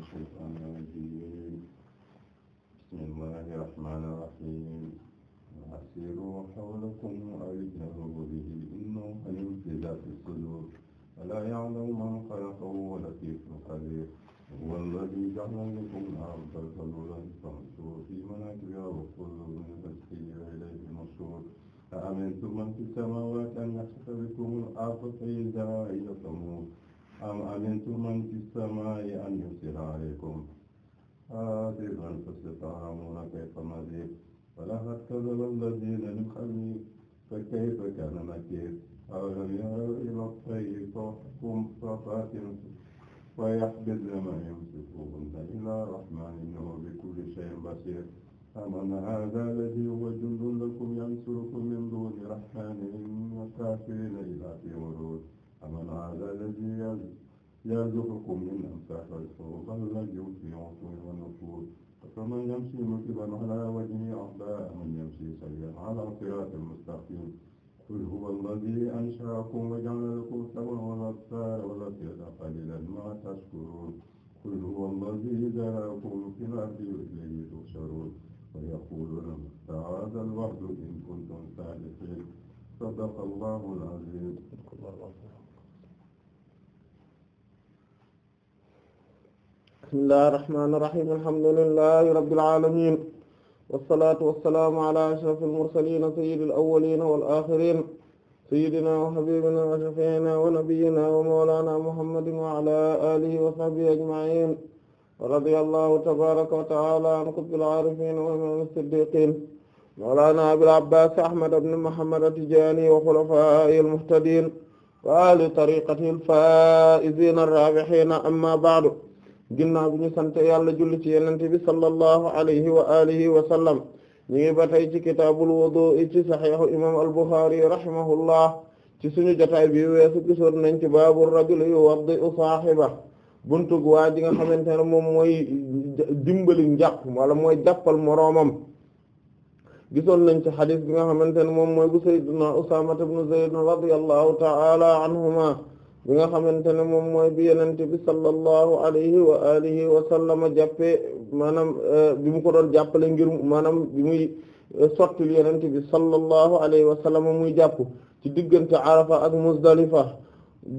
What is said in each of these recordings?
الشيطان الرجيم بسم الله الرحمن الرحيم وأسيروا حولكم أو اجهروا به إنه عليم بذات الصدور ولا يعلم من خلقه ولطيف خبير هو الذي جعل لكم الأرض ذلولا فامشوا في مناكبها وكل من رزقه إليه النشور أأمنتم من في السماوات أن يخسف بكم الأرض فإذا هي تموت أم أمنتم من في السماء أن يرسل عليكم حافظا فستعلمون كيف نذير ولقد كذب الذين من قبلهم فكيف كان نكير أولم يروا إلى الطير تحكم صفات ويحبذن ما يمسكوهن إلا الرحمن إنه بكل شيء بصير أمن هذا الذي هو جند لكم ينصركم من دون الرحمن إن الكافرين إلا في مرور فمن هذا الذي يرزقكم من أمساك رزقه بل لجوا في عتو ونفور فمن يمشي مكبا على وجهه أعداء من يمشي سيئا على صراط المستقيم قل هو الذي أنشأكم وجعل لكم السمع والأبصار والأفئدة قليلا ما تشكرون قل هو الذي ذراكم في الأرض وإليه تحشرون ويقولون متى هذا الوعد إن كنتم صادقين صدق الله العظيم bismillahir rahmanir rahim alhamdulillahi rabbil alamin wassalatu wassalamu ala ashrafil mursalin sayyidil awwalin wal akhirin sayyidina wa habibina wa shafi'ina wa nabiyyina wa mawlana muhammadin wa ala alihi wa sahbihi ajma'in radiyallahu tabaraka wa ta'ala an qutbil arifin wa imam as-siddiqin mawlana abil abbas ahmad ibn muhammad at-tijani wa khulafa'il muhtadin wa ali tariqatil faa'izina ar-rabihin amma ba'du ginnaaw bi ñu sant yàlla julli ci yenente bi sallallahu alayhi wa alihi wa sallam ñu ngi ba tey ci kitaabul wudu ci saxiixu imam al-Bukhari rahimahullah ci suñu jotaay bi weesu gisoon nañ ci baabu rajul yuwaddi'u saahiba buntug waa ji nga xamante ne moom mooy dimbali njàpp wala mooy jàppal moroomam gisoon nañ ci xadis bi nga xamante ne moom mooy bu sayyidina Usaama ibn Zayd radiyallahu ta'ala anhuma bi nga xamante ne moom mooy bi yenente bi sallallahu alayhi wa alihi wa sallama jàppee maanaam euh, bi mu ko doon jàppale ngir maanaam bi muy euh, sottil yenente bi sallallahu alayhi wa sallama muy jàpp ci diggante Arafa ak Muzdalifa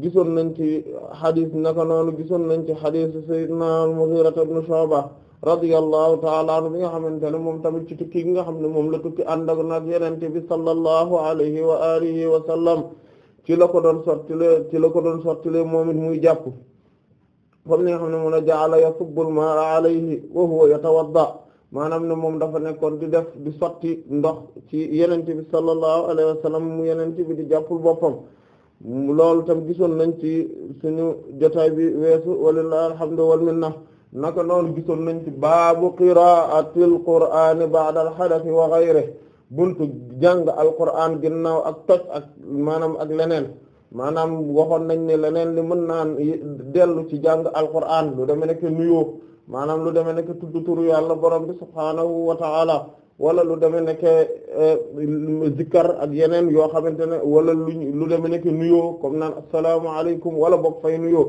gisoon nañ ci xadis naka noonu gisoon nañ ci xadis sayyidina al-Mughira ibn Shu'ba radiyallahu ta'ala anhu bi nga xamante ne moom tamit ci tukki gi nga xam ne moom la tukki ànd ak nag yenente bi sallallahu alayhi wa alihi wa sallam ci la ko doon sottile ci la ko doon sottile moom it muy jàpp comme ni xam ne mun a jaala yasubbul maa alayhi wa huwa yatawadda maanaam ne moom dafa nekkoon di def di sotti ndox ci yenente bi sallallahu alayhi wa sallam mu yenente bi di jàppul boppam loolu tam gisoon nañ ci suñu jotaay bi weesu walillahi alhamdu wal na naka noonu gisoon nañ ci baabu qiraatil qur'aani ba'da al hadathi wa ghayrihi buntu jàng alquran ginnaaw ak toj ak maanaam ak leneen maanaam waxoon nañ ne leneen li mën naan dellu ci jàng alquran lu deme nekk nuyoo maanaam lu deme nekk tudd turu yàlla borom bi subhaanahu wa ta'ala wala lu deme nekk eh, zikkar ak yeneen yoo xamante ne wala lu lu deme nekk nuyoo comme naan assalaamu alaykum wala bokk fay nuyoo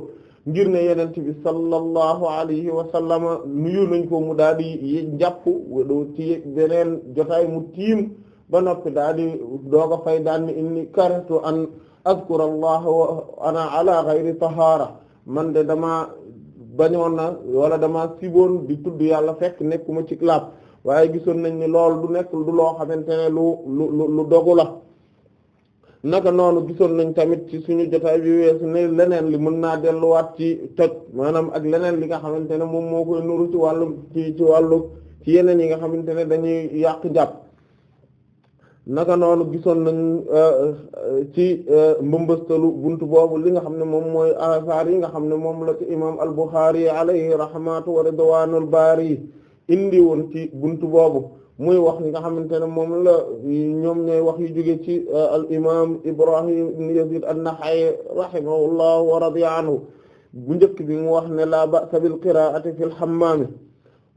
ngir ne yenent bi sallallahu alayhi wa sallam nuyu nañ ko mu daal di jàpp ci beneen jotaay mu tiim ba noppi daal di doog a fay daan ni inni karatu an azkura allah wa ala ghayri tahara man de dama bañoon na wala dama siboon di tudd yàlla fekk nekkuma ci laab waaye gisoon nañ ni lool du nekk du loo xamante ne lu lu lu dogu la naka noonu gisoon nañ tamit ci suñu jotaay bi weesu ne leneen li mën naa delluwaat ci toj maanaam ak leneen li nga xamante ne moom moo koy nuru ci wàllu ci ci wàllu ci yeneen yi nga xamante ne dañuy yàq jàpp naka noonu gisoon nañ euh, euh, ci euh, mbëmbëstalu bunt boobu li nga xam ne moom mooy asaar yi nga xam ne moom la ci imaam al yi alayhi rahmatu wa ridwanul bari indi woon ci bunt boobu muy wax yi nga xamante ne moom la ñoom ñooy wax yi jóge ci euh, al imam Ibrahim ibn Yazid an-Nakha'i rahimahullah wa radiya anhu bu njëkk bi mu wax ne la ba'sa bil qira'ati fil hammaam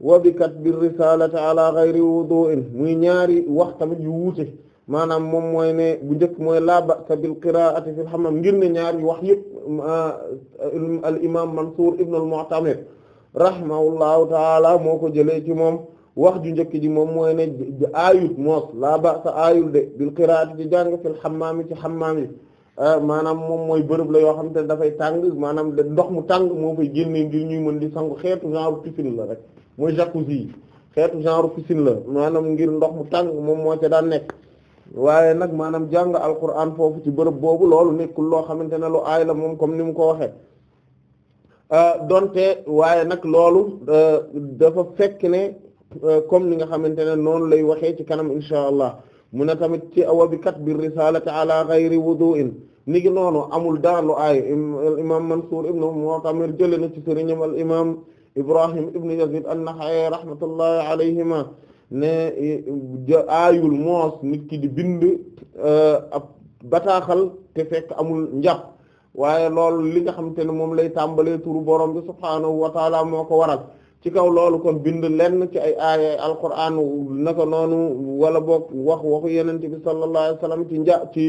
wa bi katbi risalati ala ghayri wudu'in muy ñaari wax tamit yu wuute maanaam moom mooy ne bu njëkk mooy la ba'sa bil qira'ati fil hammaam ngir ne ñaari wax yi euh, al Mansuur ibn al-Mu'tamir rahimahullahu ta'ala moo ko jëlee ci moom wax ju njëkk ji moom mooy ne aayut moos laa ba sa aayul de bil qiraati ci jàng fil xammaam yi ci xammaam yi ah, maanaam moom mooy bërëb la yoo xam te ne dafay tàng maanaam ndox mu tàng moo génnee ngir ñuy mën di sangu xeetu genre piscine la rek mooy jacuzzi xeetu genre piscine la maanaam ngir ndox mu tàng moom moo ca daan nekk waaye nag maanaam jàng alquran foofu ci bërëb boobu loolu nekkul loo xamante ne lu aay la moom comme ni mu ko waxee ah, donte waaye nag loolu ah, dafa fekk ne Euh, comme ni nga xamante ne noonu lay waxee ci kanam insha allah mu ne tamit ci awabi kat bi risalati ala ghayri wudu'in ni ngi noonu amul daalu aay imam Mansuur ibnu Mu'tamir jële na ci sëriñam al imam Ibrahim ibnu Yazid an-Naxa'i rahmatullahi alayhima ne aayul moos nit ki di bind euh, ab bataaxal te fekk amul njàpp waaye loolu li nga xamante ne moom lay tàmbalee turu borom bi subhaanahu wa moo ko waral ci kaw loolu kon bind lenn ci ay aaya alquran naka noonu wala boog wax waxu yenent bi sallallahu alayhi wasallam ci nja ci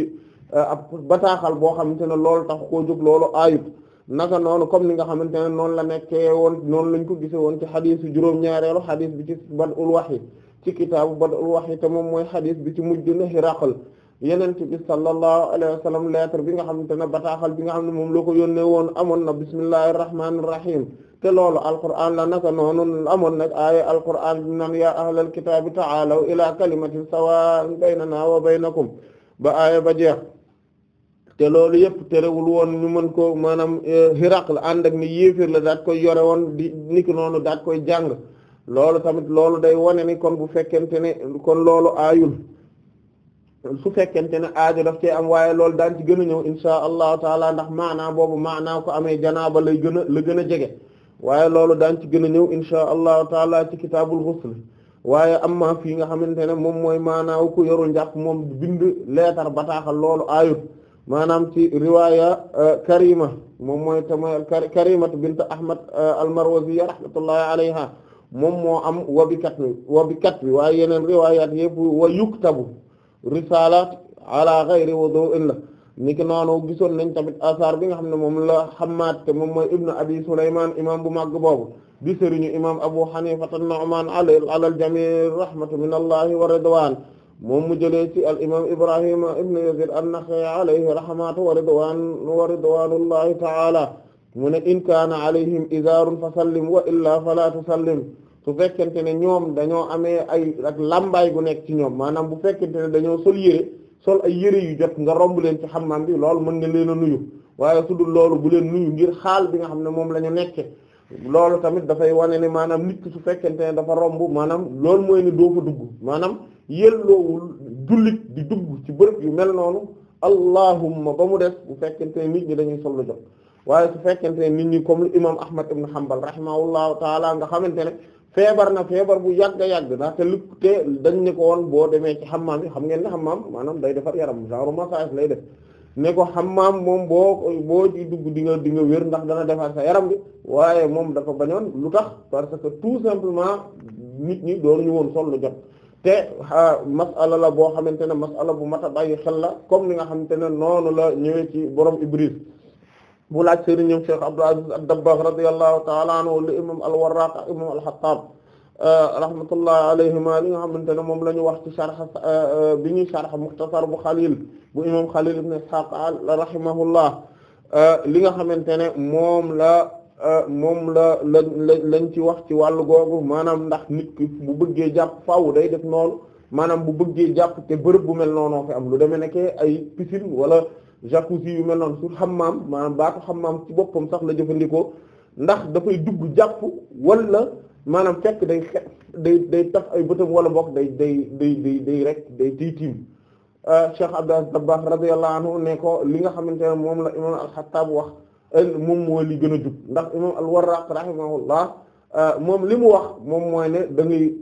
uh, ab bataaxal boo xamante ne loolu tax ko jóg loolu aayut naka noonu comme ni nga xamante ne noonu la nekkee woon noonu lañ ko gisee woon ci xadis juróom-ñaareelu xadis bi ci badul wahyi ci kitaabu badul wahyi te moom mooy xadis bi ci mujj na Hiraql yenente bi sallallahu alayhi wa sallam bi nga xamante ne bataaxal bi nga xam ne moom la ko yónnee woon amoon na bismillahir rahmanir rahim te loolu alquran la naka noonu amoon na aaya alquran bi nan yaa ahlal kitaabi taalaw ila kalimatin sawa'in baynana wa baynakum ba aaya ba jeex te loolu yëpp terewul woon ñu mën ko maanaam xiraq eh, la ànd ak ni yéefir la daat koy yore woon di niki noonu daat koy jàng loolu tamit loolu day wane ni kon bu fekkente ne kon loolu aayul su fekkente ne aajo daf cee am waaye loolu daan ci gën a ñëw insha allahu taala ndax maanaa boobu maanaa ko amee janaaba lay gën a la gën a jege waaye loolu daan ci gën a ñëw insha allahu taala ci kitaabul ghusl waaye am amma fii nga xamante ne moom mooy maanaaw ku yorul njàpp moom bind leetar bataaxal loolu aayut maanaam ci riwaaya euh, karima moom mooy tama karimat bint ahmad euh, almarwaziya rahmatullahi alayha moom moo am wa bi kat bi wa bi kat bi waaye yeneen riwaayaat yëpp wa yuktabu risalat ala ghayri wudu'in la niki noonu gisoon nañ tamit asar bi nga xam ne moom la Hammad te moom mooy ibnu abi Sulaymaan imam bu màgg boobu di sëriñu imam Abu Hanifa an-Nu'maan ala al-jamii' rahmatu min allahi wa ridwaan moom mu jëlee ci al imam Ibrahima ibnu Yaziid an-Nakha'i alayhi rahmatu wa ridwaan wa ridwaanullahi ta'ala mu ne in kaana alayhim izaarun fa sallim wa illaa falaa tusallim su fekkente ne ñoom dañoo amee ay ak làmbaay gu nekk ci ñoom maanaam bu fekkente ne dañoo sol yére sol ay yére yu jot nga romb leen ci xammaam bi loolu mën nga leen a nuyu waaye su dul loolu bu leen nuyu ngir xaal bi nga xam ne moom la ñu nekke loolu tamit dafay wane ne maanaam nit su fekkente ne dafa romb maanaam loolu mooy ne doo fa dugg maanaam yelloowul jullit di dugg ci bërëb yu mel noonu allahumma ba mu def bu fekkente ne nit ñi dañuy sol lu jot waaye su fekkente ne nit ñi comme lu imam ahmad ibn hanbal rahimahullahu taala nga xamante ne feebar na feebar bu yàgg yàgg ndaxte lu te dañ ne ko woon boo demee ci xammaam yi xam ngeen ne maam maanaam day defar yaram genre massage lay def ne ko xammaam moom boo boo ci dugg di nga di nga wér ndax dana defar sa yaram bi waaye moom dafa bañoon lu tax parce que tout simplement nit ñi doon ñu woon sol lu jot te masala la boo xamante ne masala bu mat a bàyyi xel la comme ni nga xamante ne noonu la ñëwee ci borom Ibris bu laaj sëriñam Cheikh Abdul Aziz ad-Dabbagh radiyallahu ta'ala anhu li imam al-Warraq a imam al-Hattab euh, rahmatullah alayhima li nga xamante ne moom la ñu wax ci sharh euh, bi ñuy sharh Mukhtasar bu Khalil bu imam Khalil ibn Ishaq rahimahullah euh, li nga xamante ne moom la moom la la lañ ci wax ci wàllu googu maanaam ndax nit ki bu bëggee jàpp faaw day def noonu maanaam bu bëggee jàpp te bërëb bu mel noonu fi am lu demee nekkee ay piscine wala jacuzzi yu mel noonu xam maam maanaam baatu xammaam ci boppam sax la jëfandikoo ndax dafay dugg jàpp wala maanaam fekk day day day taf ay bëtam wala bokk day day day day day rek day tiy tiim euh, Cheikh Abdou Dabakh radiyallahu anhu ne ko li nga xamante ne moom la imam al-Khattab wax moom mooy li gën a jub ndax imam al-Warraq rahimahullah euh, moom li mu wax moom mooy ne dangay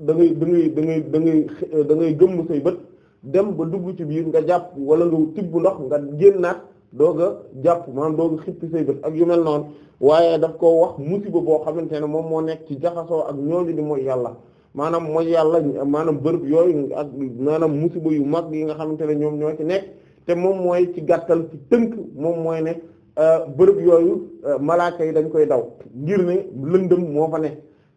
dangay da ngay da ngay dangay ngay da gëmm say bët dem ba dugg ci biir nga jàpp wala nga tibb ndox nga génnaat doog a jàpp maanaam doog a xippi say ak yu mel noonu waaye daf koo wax musiba boo xamante ne moom moo nekk ci jaxasoo ak ñooñu mooy yàlla maanaam mooy yàlla maanaam bërëb yooyu ak maanaam musiba yu mag yi nga xamante ne ñoom ñoo ci nekk te moom mooy ci gàttal ci tënk moom mooy ne euh, bërëb yooyu euh, malaaka yi dañ koy daw ngir ne lëndëm moo fa ne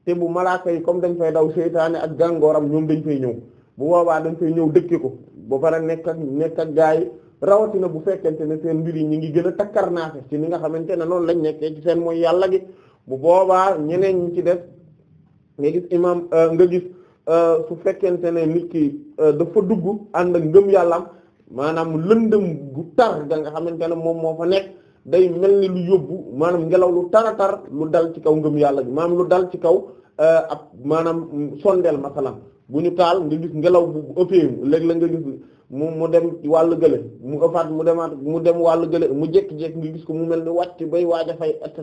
te bu malaaka yi comme dañ fay daw seytaane ak gàngooram ñoom dañ fay ñëw bu boobaa dañ koy ñëw dëkke ko boo pare nekk ak nekk ak gaa rawatina bu fekkente ne seen mbir yi ñu ngi gën a takkarnaafe ci ni nga xamante ne noonu lañ nekkee ci seen mooy yàlla gi bu boobaa ñeneen ñi ci def nga gis imam euh, nga gis euh, su fekkente ne nit ki euh, dafa dugg ànd ak ngëm yàllaam maanaam lëndëm gu tar da nga xamante ne moom moo fa nekk day mel ni lu yóbbu maanaam ngelaw lu tara tar lu dal ci kaw ngëm yàlla gi maam lu dal ci kaw Euh, ab maanaam sondeel masalan bu ñu taal nga gis ngelaw bu ëppee léeg la nga gis mu mu dem wàll gële mu ëppaat mu demaat mu dem wàllu gële mu jékki-jékki nga gis ko mu mel ni wàcc bay waaj a fay et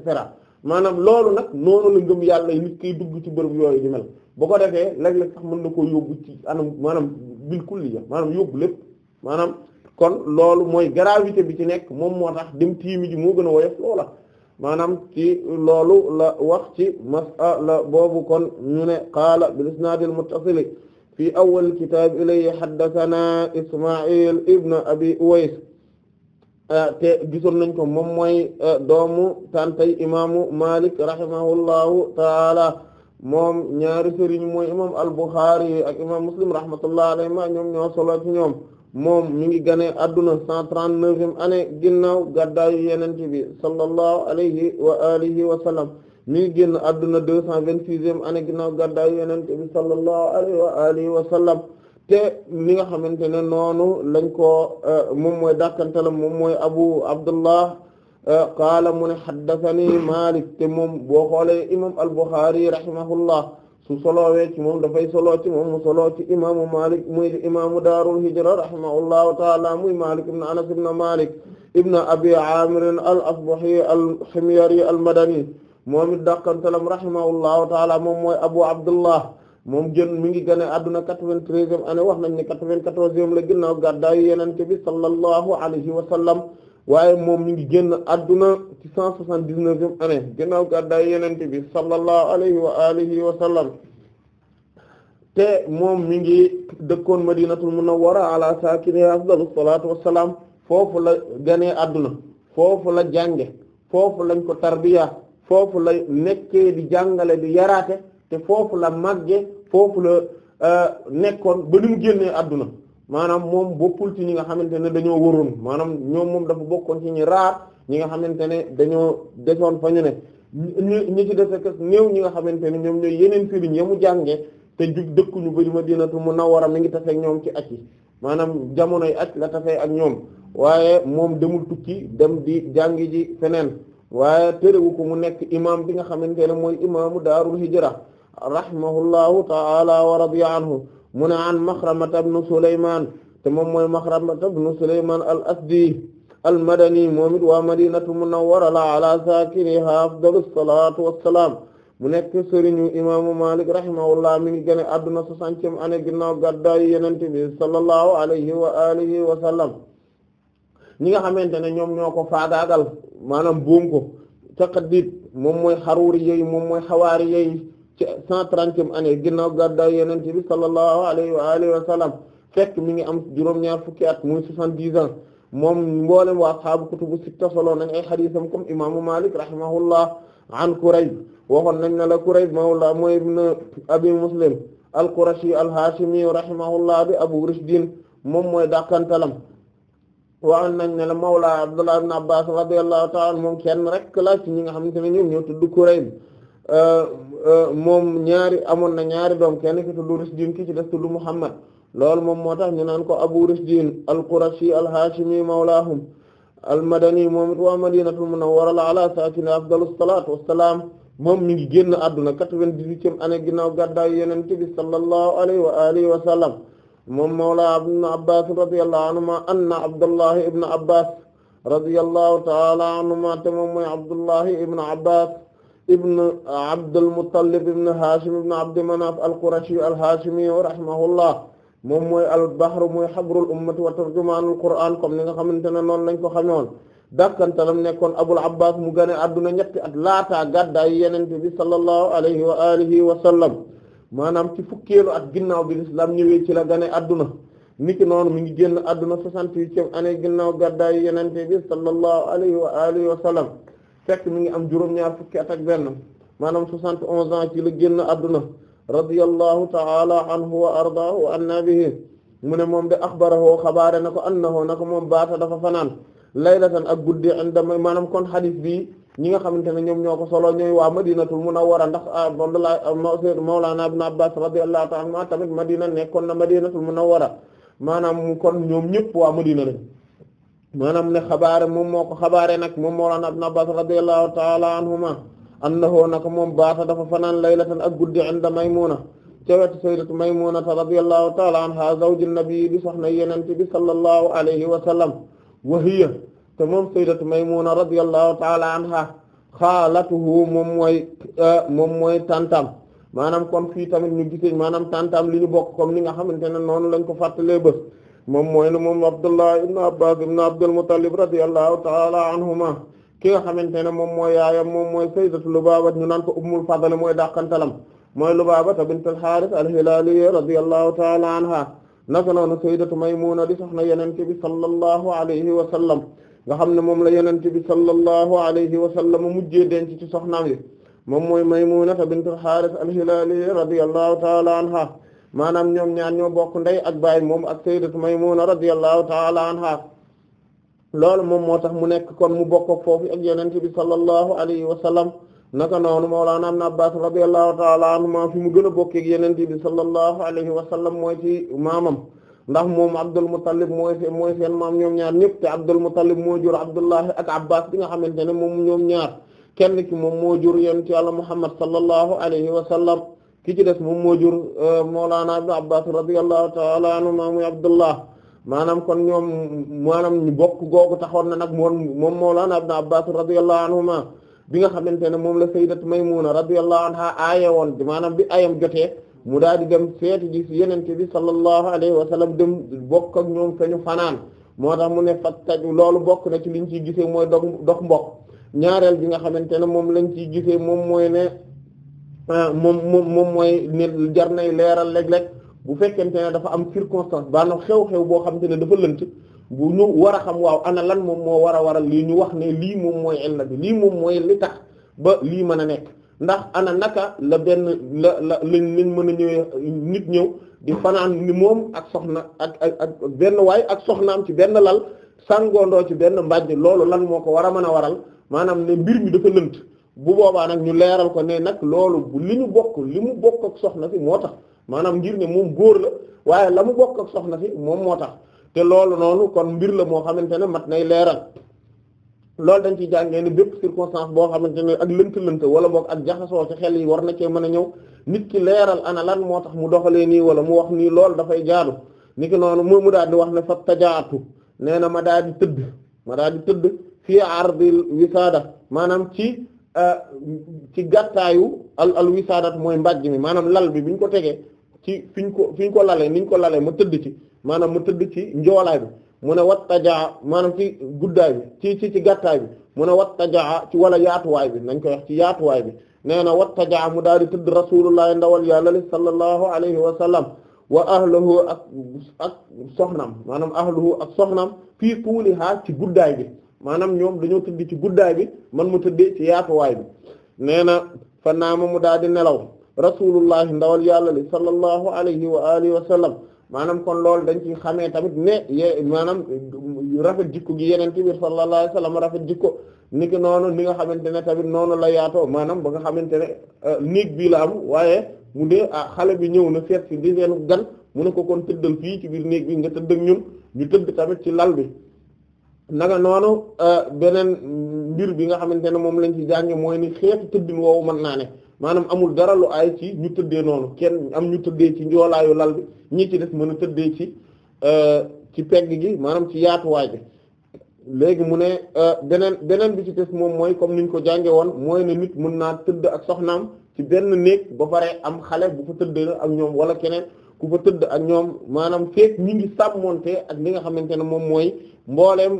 maanaam loolu nag noonu la ngëm yàlla nit kiy dugg ci bërëb yooyu di mel boo ko defee léeg-léeg sax mën na koo yóbbu ci anam maanaam bil kulli ya maanaam yóbbu lépp maanaam kon loolu mooy gravité bi ci nekk moom moo tax dem tiimi ji moo gën a woyof loola maanaam ci loolu la wax ci mas'ala boobu kon ñu ne qaala bil isnaadil muttasili fi awwal kitaab ilayhi haddathana Isma'il ibn Abi Uways ah, te gisoon nañ ko moom mooy ah, doomu tantay imaamu Malik rahimahullahu taala moom ñaari sëriñ mooy imaam al Bukhari ak imaam Muslim rahmatullahi alayhima ñoom ñoo solo ci ñoom. moom mi ngi gane adduna cent trente-neuvième année ginnaaw gàddaayu yenente bi sallallahu alayhi wa alihi wa sallam mi ngi génn adduna deux cent vingt-sixième année ginnaaw gàddaayu yenente bi sallallahu alayhi wa alihi wa sallam te ni nga xamante ne noonu lañ ko euh, moom mooy dàkkantala moom mooy abu abdullah euh, qaala mu ne haddathani malik te moom boo xoolee imam al-Bukhari rahimahullah su solowee moom dafay solo ci moom mu solo ci imaamu Malik muy imaamu daarul hijra rahimahullahu taala muy Malik ibn Anas ibn Malik ibn Abi Amir al-Asbahi al-Himyari al-Madani moom it dàqantalam rahimahullahu taala moom mooy Abu Abdullah moom jën mi ngi gane adduna quatre-vingt-treizième année wax nañ ne quatre-vingt-quatorzième la ginnaaw gàddaayu Yonent bi sallallahu alayhi wa waaye moom mi ngi génn adduna ci cent soixante-dix-neuvième année ginnaaw gàddaay yenente bi sallallahu alayhi wa alihi wa sallam te moom mi ngi dëkkoon madinatul munawwara ala saakini afdalu salaatu wassalaam foofu la ganee adduna foofu la jànge foofu lañ ko tarbiya foofu la nekkee di jàngale di yaraate te foofu la màgge foofu la euh, nekkoon ba ni mu génnee adduna maanaam moom bokkul ci ñi nga xamante ne dañoo waroon maanaam ñoom moom dafa bokkoon ci ñi raar ñi nga xamante ne dañoo desoon fa ñu ne ñi ci dese kës ñi nga xamante ne ñoom ñooy yeneen sëriñ ya mu jànge te jug dëkk ñu bari Madinatu Munawwara mi ngi tafeek ñoom ci at yi maanaam jamonoy at la ak ñoom waaye moom demul tukki dem di jàngi ji feneen waaye terewu ko mu nekk imam bi nga xamante ne mooy imaamu daarul hijra rahimahullahu ta'ala wa radiya anhu mu ne an Maxramata ibn te moom mooy Maxramata ibn Sulaymaan al asdi al madani moom it waa madinatu munawwara la ala saakinihaa afdalu salaatu wassalaam mu nekk sëriñu imaamu Maalik rahimahullah mi ngi génn àdduna soixantième année ginnaaw gàddaayu Yonent bi sallallahu alayhi wa alihi wa sallam nga xamante ne ñoom ñoo ko faagaagal maanaam buum ko taqdid moom mooy xaruuri yooyu moom mooy ci cent trentième année ginnaaw gàddaay yonent bi sallallahu alayhi wa alihi wa fekk mi ngi am juróom-ñaar fukki at muy soixante-dix ans moom mboolem wa ashaabu kutubu sitta solo nañ ay xadiisam comme imaamu Malik rahimahullah an Kurayb waxoon nañ ne la Kurayb mawla mooy ibn Abi Muslim al-Qurashi al-Hashimi rahimahullah bi Abu Rishdin moom mooy dàqantalam waxoon nañ ne la mawla Abdullah ibn Abbas radiyallahu ta'ala moom kenn rek la ci ñi nga xamante ne ñoom ñoo tudd Kurayb Euh, euh, moom ñaari amoon na ñaari doom kenn ki tudd Risdin ki ci des tudd Muhammad loolu moom moo tax ñu naan ko Abu Risdin al-Qurashi al-Hashimi mawlaahum al-Madani moom it waa Madinatul Munawwara ala saakinihaa afdalu salaatu wassalaam moom mi ngi génn àdduna quatre-vingt-dix-huitième année ginnaaw gàddaay Yonent bi sallallahu alayhi wa alihi wa sallam moom mawla Ibn Abbas radiyallahu anhuma ta'ala anhuma te moom mooy Abdullahi ibn Abbas ibn Abdul Muttalib ibn Hashim ibn Abd Manaf al-Qurashi al-Hashimi rahimahullah moom mooy al-Bahr mooy habrul ummati wa tarjumaanul Qur'an comme ni nga xamante ne noonu lañ ko xamoon dakkantalam nekkoon Abul Abbas mu gane adduna ñetti at laataa gàddaay yenente bi sallallahu alayhi wa alihi wa sallam maanaam ci fukkeelu at ginnaaw bi l'islam ñëwee ci la gane adduna niki noonu mu ngi génn adduna soixante-huitième année ginnaaw gàddaay yenente bi sallallahu alayhi wa alihi wa sallam fekk mi ngi am juróom-ñaar fukki at ak benn maanaam soixante onze ans ci la génn adduna radiyallahu ta'ala anhu wa ardaahu wa anna bihi mu ne moom de axbarahu xabaare na ko annahu na ko moom baata dafa fanaan laylatan ak guddi indama maanaam kon xadis bi ñi nga xamante ne ñoom ñoo ko solo ñooy waa madinatul munawwara ndax ma ah, Abdullah mawlana ibn Abbas radiyallahu ta'ala maa tamit madina nekkoon na madinatul munawwara maanaam kon ñoom ñëpp waa madina lañ maanaam ne xabaare moom moo ko xabaare nag moom moo mawlana ibn Abbas radiyallahu ta'ala na annahu naka moom baata dafa fanaan laylatan ak guddi inda Maymuna ca wetu sayyidatu Maymuna radiyallahu ta'ala anha zawju nabi bi soxna Yonent bi sallallahu alayhi wa sallam wa hiya te moom sayyidatu Maymuna radiyallahu ta'ala anha xaalatuhu moom mooy e, moom mooy tantam maanaam kon fii tamit ñu gisee maanaam tantam li ñu bokk comme li nga xamante ne noonu lañ ko fàttalee bës moom mooy ne moom Abdullah ibn Abbas ibn Abdul Muttalib radiyallahu ta'ala anhuma ki nga xamante ne moom mooy yaayam moom mooy sayyidatu Lubaaba ñu naan ko Ummul Fadl mooy dàqantalam mooy Lubaaba bint al-Haaris al-Hilaaliya radiyallahu ta'ala anha naka noonu sayyidatu Maymuna di soxna Yonent bi sallallahu alayhi wa sallam nga xam ne moom la Yonent bi sallallahu alayhi wa sallam mujjee denc ci soxnaam yi moom mooy Maymuna bint al-Haaris al-Hilaaliya radiyallahu ta'ala anha maanaam ñoom ñaar ñoo bokk ndey ak baay moom ak sayyidatu Maymuna radiyallahu ta'ala anha loolu moom moo tax mu nekk kon mu bokk foofu ak yonent bi sallallahu alayhi wa sallam naka noonu mawlana ibn Abbas radiyallahu ta'ala anhuma fi mu gën a bokkee ak yonent bi sallallahu alayhi wa sallam mooy ci maamam ndax moom Abdul Muttalib mooy seen mooy seen maam ñoom ñaar ñëpp te Abdul Muttalib moo jur Abdullahi ak Abbas bi nga xamante ne moom ñoom ñaar kenn ki moom moo jur yonent Yàlla Muhammad sallallahu alayhi wa sallam ki ci des moom moo jur euh, Mawlana Ibn Abbas radiyallahu ta'ala anhuma muy Abdullah maanaam kon ñoom maanaam bokk googu taxoon na nag moom moom Mawlana Ibn Abbas radiyallahu anhuma bi nga xamante ne moom la sayyidat Maymuna radiyallahu anha aaye woon maanaam bi ayam jotee mu daal di dem seeti ji ci Yonent bi sallallahu alayhi wa dem bokk ak ñoom feñu fanaan moo tax mu ne fattaj loolu bokk na ci liñ ciy gisee mooy dox dox mbokk ñaareel bi nga xamante ne moom lañ ciy gisee moom mooy ne Euh, moom moom moom mooy ne jar nay leeral léeg-léeg bu fekkente ne dafa am circonstance baana xew-xew boo xam te ne dafa lënt bu ñu war a xam waaw ana lan moom moo war a waral lii ñu wax ne lii moom mooy illa bi lii moom mooy li tax ba lii mën a nekk ndax ana naka la benn la la lañ mën a ñëwee nit ñëw di fanaan ni moom ak soxna ak ak ak benn waay ak soxnaam ci benn lal sàngoondoo ci benn mbàjj loolu lan moo ko war a mën a waral maanaam ne mbir mi dafa bu boobaa nag ñu leeral ko ne nag loolu li ñu bokk li mu bokk ak soxna si moo tax maanaam ngir ne moom góor la waaye la mu bokk ak soxna si moom moo tax te loolu noonu kon mbir la moo xamante ne mat nay leeral loolu dañ ci jàngee ne bépp circonstance boo xamante ne ak lënt-lënt wala boog ak jaxasoo ci xel yi war na cee mën a ñëw nit ki leeral ana lan moo tax mu doxalee nii wala mu wax nii loolu dafay jaadu ni ki moo mu daal di wax ne fa tajaatu nee na ma daal di tëdd ma daal di tëdd fii ardil wisaada maanaam ci Euh, ci gàttaayu al al wisaadat mooy mbàjj mi maanaam lal bi bi ñu ko tegee ci fi ñu ko fi ñu ko lalee ni ñu ko lalee ma tëdd ci maanaam ma tëdd ci njoolaay bi mu ne wat tajaa maanaam ci guddaay bi ci ci ci gàttaay bi mu ne wat tajaa ci wala yaatuwaay bi nañ koy wax ci yaatuwaay bi nee na wat tajaa mu daal di tëdd rasulullah ndawal yàlla li sallallahu alayhi wa sallam wa ahluhu ak ak soxnaam maanaam ahluhu ak soxnaam fii tuuli ha ci guddaay bi maanaam ñoom dañoo tëdd ci guddaay bi man ma tëddee ci yaatuwaay bi nee na fa ma mu daal di nelaw rasulullahi ndawal yàlla li sallallahu alayhi wa alihi wa sallam maanaam kon lool dañ ci xamee tamit ne ye maanaam rafet jikko gi yeneen bi sallallahu alayhi wa sallam rafet jikko ni ki noonu ni nga xamante ne tamit noonu la yaatoo maanaam ba nga xamante ne euh, néeg bii la am waaye mu dee ah xale bi ñëw na seet si di seen gan mu ne ko kon tëddal fii ci biir néeg bi nga tëdd ñun ñu tëdd tamit ci lal bi naga noonu euh, beneen mbir bi nga xamante ne moom lañ ci jànge mooy ni xeetu tëddin woowu mën naa ne maanaam amul dara lu ay ci ñu tëddee noonu kenn am ñu tëddee ci njoolaayu lal bi ñi ci des mën a tëddee ci euh, ci pegg gi maanaam ci yaatuwaay bi léegi mu ne euh, beneen beneen bi ci des moom mooy comme niñ ko jànge woon mooy ne nit mën naa tëdd ak soxnaam ci benn néeg ba pare am xale bu fa tëdd ak ñoom wala keneen ku fa tëdd ak ñoom maanaam fekk ñi ngi sàmmonte ak li nga xamante ne moom mooy mbooleem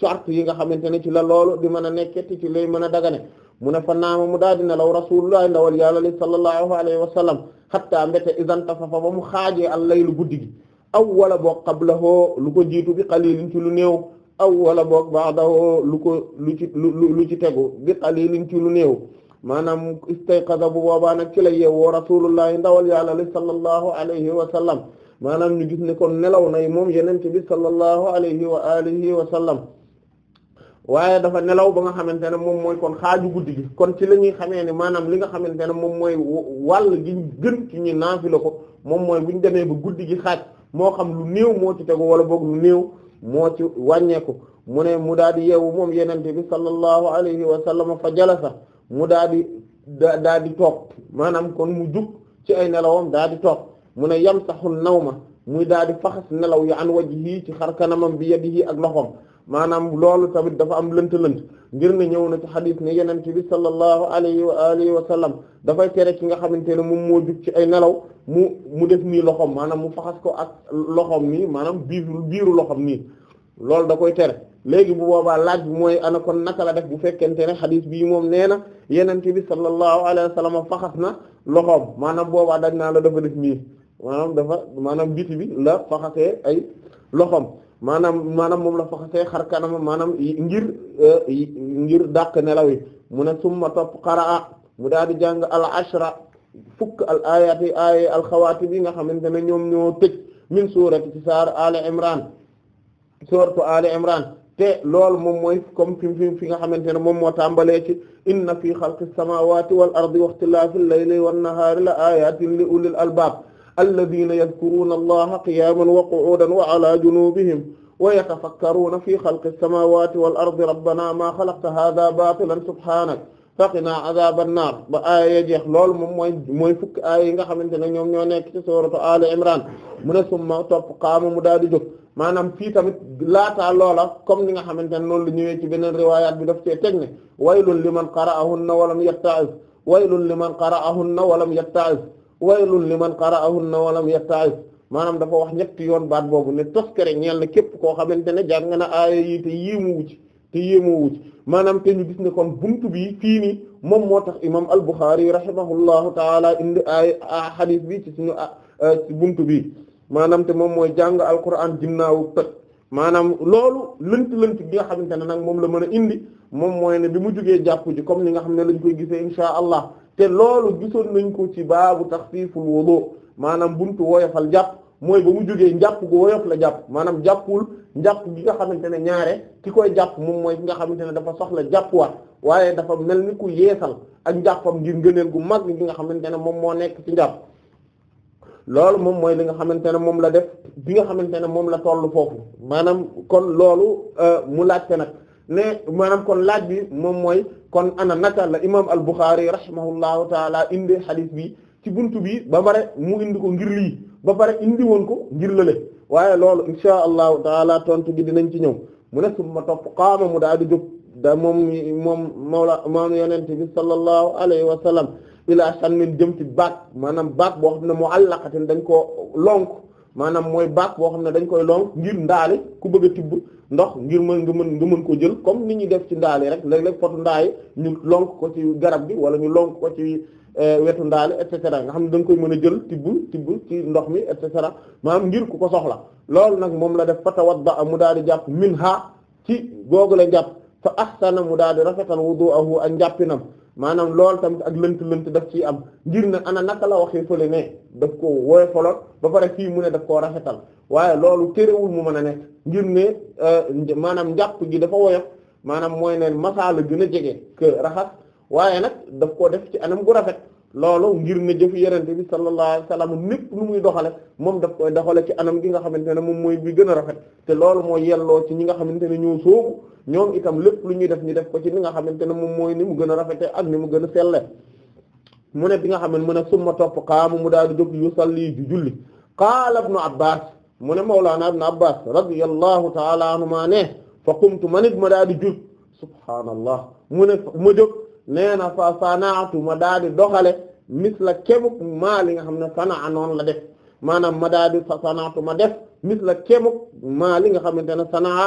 sart yi nga xamante ne ci la loolu di mën a nekketi ci lay mën a dagane mu ne fa naama mu daal dina law rasulullah ndawal yàlla li sallallahu alayhi wa sallam xatta mbéte isanta fa fa ba mu xaajee al lu guddi gi aw wala boog qablahoo lu ko jiitu bi qalilin ci lu néew aw wala boog ba'dahu lu ko lu ci lu ci tegu bi qalilin ci lu néew maanaam istayqaza bu boobaa na ci la yeewoo rasulullahi ndawal yàlla li sallallahu alayhi wa sallam maanaam ñu gis ne kon nelaw nay moom yenente bi sallallahu alayhi wa alihi wa sallam waaye dafa nelaw ba nga xamante ne moom mooy kon xaaju guddi gi kon ci la ñuy xamee ne maanaam li nga xamante ne moom mooy wàll gi gën ci ñu naafila ko moom mooy bu ñu demee ba guddi gi xaaj moo xam lu moo ci tegu wala boog lu moo ci wàññeeku mu ne mu daal di yeewu moom yenente bi sallallahu alayhi wa sallam fa jalasa mu daa di da daa di toog maanaam kon mu jug ci ay nelawam daa di toog mu ne yam saxul naw ma muy daa di faxas nelaw yi an wajhi ci xar kanamam bi yadihi ak loxoom maanaam loolu tamit dafa am lënt-lënt ngir ne ñëw na ci xadis ne yenente bi sallallahu alayhi wa alihi wa sallam dafay tere ki nga xamante ne moom moo jug ci ay nelaw mu mu def nii loxoom maanaam mu faxas ko ak loxoom nii maanaam biiru biiru loxoom nii loolu da koy tere léegi bu boobaa laaj bi mooy ana kon naka la def bu fekkente ne xadis bii moom nee na yenente bi sallallahu alayhi wa sallam faxas na loxoom maanaam boobaa dañ naa la dafa def nii maanaam dafa maanaam biti bi la faxasee ay maanaam maanaam moom la faxasee xar kanam maanaam ngir e, ngir dàq nelaw yi mu ne summa topp qaraa mu daal di jàng al ashra fukk al ayati ay al xawaati bi nga xamante ne ñoom ñoo tëj min suurati saar al imran sooratu Ali Imran te loolu moom mooy comme fi fi nga xamante ne moom moo tàmbalee ci inna fi xalqi samawati wal ardi wa ikhtilafil layli wan nahari la ayatin li ulil albab alladhina yadhkuruna allaha qiyaman wa qu'udan wa ala junubihim wa yatafakkaruna fi xalqi samawati wal ardi rabbana ma xalaqta hadha batilan subhanak faqina adhaban nar ba aaya jeex loolu moom mooy mooy fukki aaya yi nga xamante ne ñoom ñoo nekk ci sooratu Ali Imran mu ne summa topp qaama mu daal di jóg maanaam fii tamit laataa loola comme ni nga xamante ne loolu la ñëwee ci beneen riwaayaat bi daf cee teg ne waylun liman qara'ahunna walam yatta'iz waylun liman qara'ahunna walam yatta'iz waylun liman qara'ahunna walam yatta'iz maanaam dafa wax ñetti yoon baat boobu ne toskere ñeel na képp koo xamante ne jàng na aaya yi te yéemu wu ci te yéemu wu ci maanaam te ñu gis ne kon buntu bi fii nii moom moo tax imaam al-Bukhari rahimahullahu taala indi a hadith bi ci suñu buntu bi. maanaam te moom mooy jàng alquran ginnaawu toj maanaam loolu lënt lënt bi nga xamante ne nag moom la mën a indi moom mooy ne bi mu jugee jàpp ji comme ni nga xam ne lañ koy gisee insha allah te loolu gisoon nañ ko ci baabu taxfiiful wudu maanaam buntu woyofal jàpp mooy ba mu jugee njàpp gu woyof la jàpp maanaam jàppul njàpp gi nga xamante ne ñaare ki koy jàpp moom mooy ki nga xamante ne dafa soxla jàppuwaat waaye dafa mel ni ku yeesal ak njàppam ngir ngëneel gu mag gi nga xamante ne moom moo nekk ci njàpp loolu moom mooy li nga xamante ne moom la def bi nga xamante ne moom la tollu foofu maanaam kon loolu euh, mu laajte nag ne maanaam kon laaj bi moom mooy kon ana naka la imaam al-Bukhari rahimahullahu taala indi hadith bi ci buntu bi ba pare mu indi ko ngir lii ba pare indi woon ko ngir lële waaye loolu insha allahu taala tontu gi dinañ ci ñëw mu ne summa topp qaama mu daal di jóg da moom moom mawla moom yonent bi sallallahu alayhi wa ilaa sannin jëm ci baat maanaam baat boo xam ne moo ne dañ koo lonk maanaam mooy baat boo xam ne dañ koy lonk ngir ndaali ku bëgg a tibb ndox ngir mën nga mën nga mën ko jël comme ni ñu def ci ndaale rek léeg-léeg potu ndaaye ñu lonk ko ci garab gi wala ñu lonk ko ci euh, wetu ndaale et nga xam ne da koy mën a jël tibb tibb ci ndox mi et cetera ngir ku ko soxla loolu nag moom la def fatawadda mu daal di jàpp minha ci googu la jàpp fa ahsana mu daal di rafetal wudu'ahu ak njàppinam maanaam loolu tamit ak lënt-lënt def ci am ngir ne ana naka la waxee fële ne daf ko woy foloot ba pare fii mu ne daf koo rafetal waaye loolu terewul mu mën a nekk ngir ne euh, maanaam njàpp gi dafa woyof maanaam mooy nen masaa a gën a jege que raxas waaye nag daf koo def ci anam gu rafet loolu ngir ne jëfu yerente bi sallallahu alayhi wa sallam népp lu muy doxale moom daf koy doxale ci anam gi nga xamante ne moom mooy bi gën a rafet te loolu moo yelloo ci ñi nga xamante ne ñoo soobu ñoom itam lépp lu ñuy def ñu def ko ci li nga xamante ne moom mooy ni mu gën a rafete ak ni mu gën a selle mu ne bi nga xam ne mu ne summa topp kaamu mu daal di jóg yu salli ju julli qaala ibnu abbas mu ne mawlaana ibnu abbas radiyallahu taala anhuma ne fa qumtu manit ma daal di jug subhaanallah mu ne ma jóg nee na fa sanaatu ma daa di doxale misla kemuk maa li nga xam ne sanaa noonu la def maanaam ma daa di fa sanaatu ma def misla kemuk maa li nga xamante ne sanaa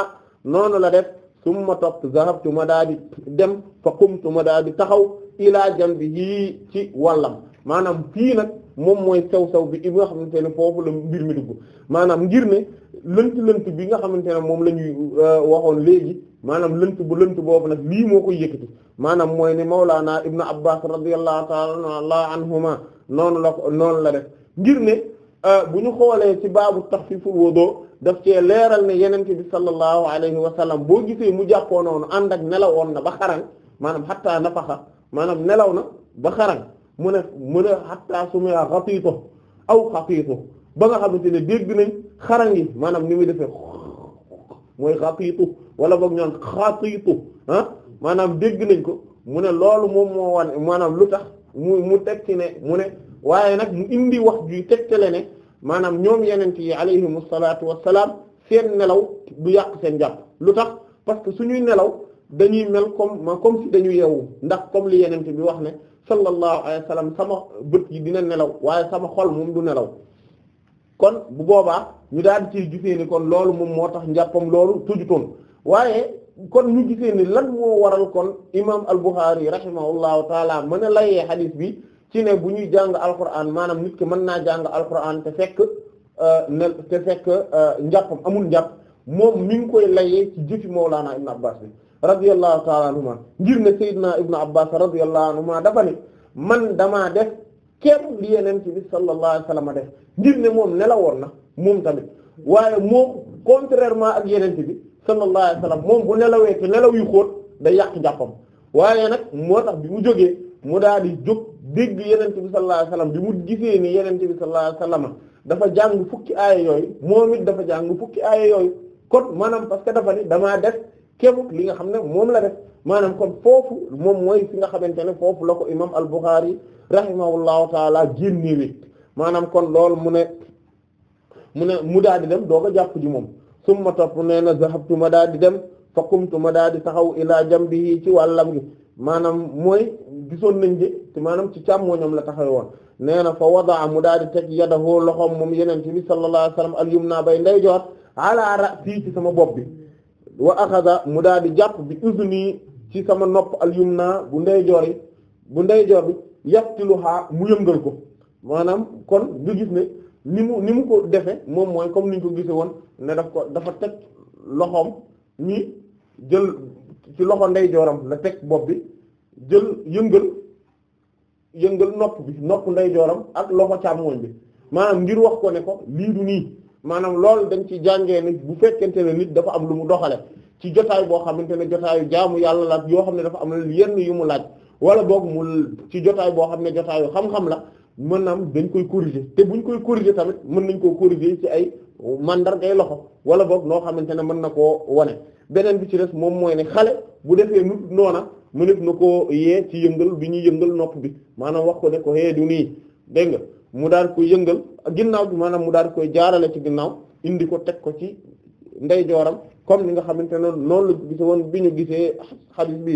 noonu la def summa topp zahabtu ma daa di dem fa qumtu ma daa di taxaw ilaa janbihi ci wàllam maanaam fii moom mooy sew sew bi bi nga xamante ne foofu la mbir mi dugg maanaam ngir ne lënt lënt bi nga xamante ne moom la ñuy euh, waxoon léegi maanaam lënt bu lënt boobu nag lii moo koy yëkkati maanaam mooy ne Mawlana Ibn Abbas radiyallahu ta'ala anhuma noonu la ko noonu la def ngir ne euh, bu ñu xoolee ci baabu taxfiiful wudu def cee leeral ne yenente bi sallallahu alayhi wa sallam boo gisee mu jàppoo noonu ànd ak nelawoon na ba xaran maanaam xattaa nafaxa maanaam nelaw na ba xaran mu ne mu ne hatta sumia xatiito aw xatiito ba nga xamante ne dégg nañ xarang yi maanaam ni muy defee mooy xatiitu wala boog ñoon xatiitu ah maanaam dégg nañ ko mu ne loolu moom moo wan maanaam lu tax mu mu teg ci ne mu ne waaye nag mu indi wax teg tele ne maanaam ñoom yenent yi alayhimu salaatu wassalaam seen nelaw bu yàq seen jàpp lu tax parce que suñuy nelaw dañuy mel comme comme si dañu yeewu ndax comme li yenente bi wax ne sallallahu alayhi wa sallam sama yi dina nelaw waaye sama xol moom du nelaw kon bu boobaa ñu daal di ciy gisee ni kon loolu moom moo tax njàppam loolu tujutoon waaye kon ñu gisee ni lan moo waral kon imam al-Bukhari rahimahullahu taala mën a layee hadith bi ci ne bu ñuy jàng alquran maanaam nit ki mën naa jàng alquran te fekk euh, ne te fekk euh, njàppam amul njàpp moom mi koy layee ci jëfi Mawlana Ibn Abbas bi radiyallahu ta'ala anhuma ngir ne Seydina Ibnu Abbas radiyallahu anhuma dafa ne man damaa def kenn li yenent bi sallallahu alayhi wa sallam def ngir ne moom nelawoon na moom tamit waaye moom contrairement ak yenent bi sallallahu alayhi moom bu nelawee te nelaw yu xóot day yàq jàppam waaye nag moo tax bi mu jógee mu daal di jóg dégg yenent bi sallallahu alayhi wa sallam bi mu dafa jàng fukki aaya yooyu moom it dafa jàng fukki aaya yooyu kon maanaam parce que dafa ni damaa def kemut li nga xam ne moom la def maanaam kon foofu moom mooy fi nga xamante ne foofu la ko imam al-Bukhari rahimahullahu taala génnewe maanaam kon loolu mu ne mu ne mu daa di dem doog a jàpp ji moom summa topp nee na zahabtu ma daa di dem fa qumtu ma daa di taxaw ilaa bi ci wàllam gi maanaam mooy gisoon nañ di te maanaam ci càmmooñam la taxaw woon nee na fa wadaa mu daa di teg yadahu loxoom moom yeneen ci bi sallallahu alayhi wasallam al yumna bay ndeyjoor ala ra'si ci sama bopp bi wa axada mu daal di jàpp bi nii ci sama nopp al yumna bu ndeyjoor yi bu ndeyjoor bi yaftiluha mu yëngal ko maanaam kon du gis ne ni mu ni mu ko defe moom mooy comme ni ko gise woon ne daf ko dafa teg loxoom ni jël ci loxo ndeyjooram la teg bopp bi jël yëngal yëngal nopp bi nopp ndeyjooram ak loxo càmmooñ bi maanaam ngir wax ko ne ko lii du nii maanaam loolu dañ ci jàngee ni bu fekkente ne nit dafa am lu mu doxale ci jotaay boo xamante ne jotaayu jaamu yàlla la yoo xam ne dafa am lu yenn yu mu laaj wala boog mu ci jotaay boo xam ne jotaayu xam-xam la maanaam dañ koy corriger te buñ koy corriger tamit mën nañ koo corriger ci ay mandargay loxo wala boog noo xamante ne mën na koo wane beneen bi ci des moom mooy ne xale bu defee nut noona mënef na koo yee ci yëngal bi ñuy yëngal nopp bi maanaam wax ko ne du nii dégg nga mu daal koy yëngal ginnaaw bi maanaam mu daal koy jaarale ci ginnaaw indi ko teg ko ci ndeyjooram comme ni nga xamante ne loolu la gise woon bi ñu gisee xadiis bi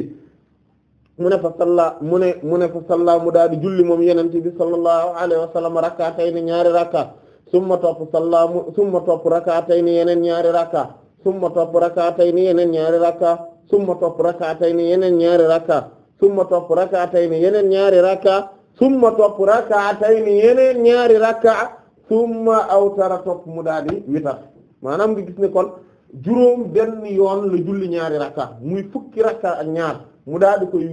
mu ne fa salla mu ne mu ne fa salla mu daal di julli moom yenente bi sallallahu alayhi wa sallam rakatay ni ñaari rakka summa topp salla mu summa topp rakatay ni yeneen ñaari rakka summa topp rakatay ni yeneen ñaari rakka summa topp rakatay ni yeneen ñaari rakka summa topp rakatay ni yeneen ñaari rakka summa topp rak'atayni yeneen ñaari rakka summa awtara topp mu daal witar maanaam nga gis ne kon juróom benn yoon la julli ñaari rakka muy fukki rakka ak ñaar mu daal di koy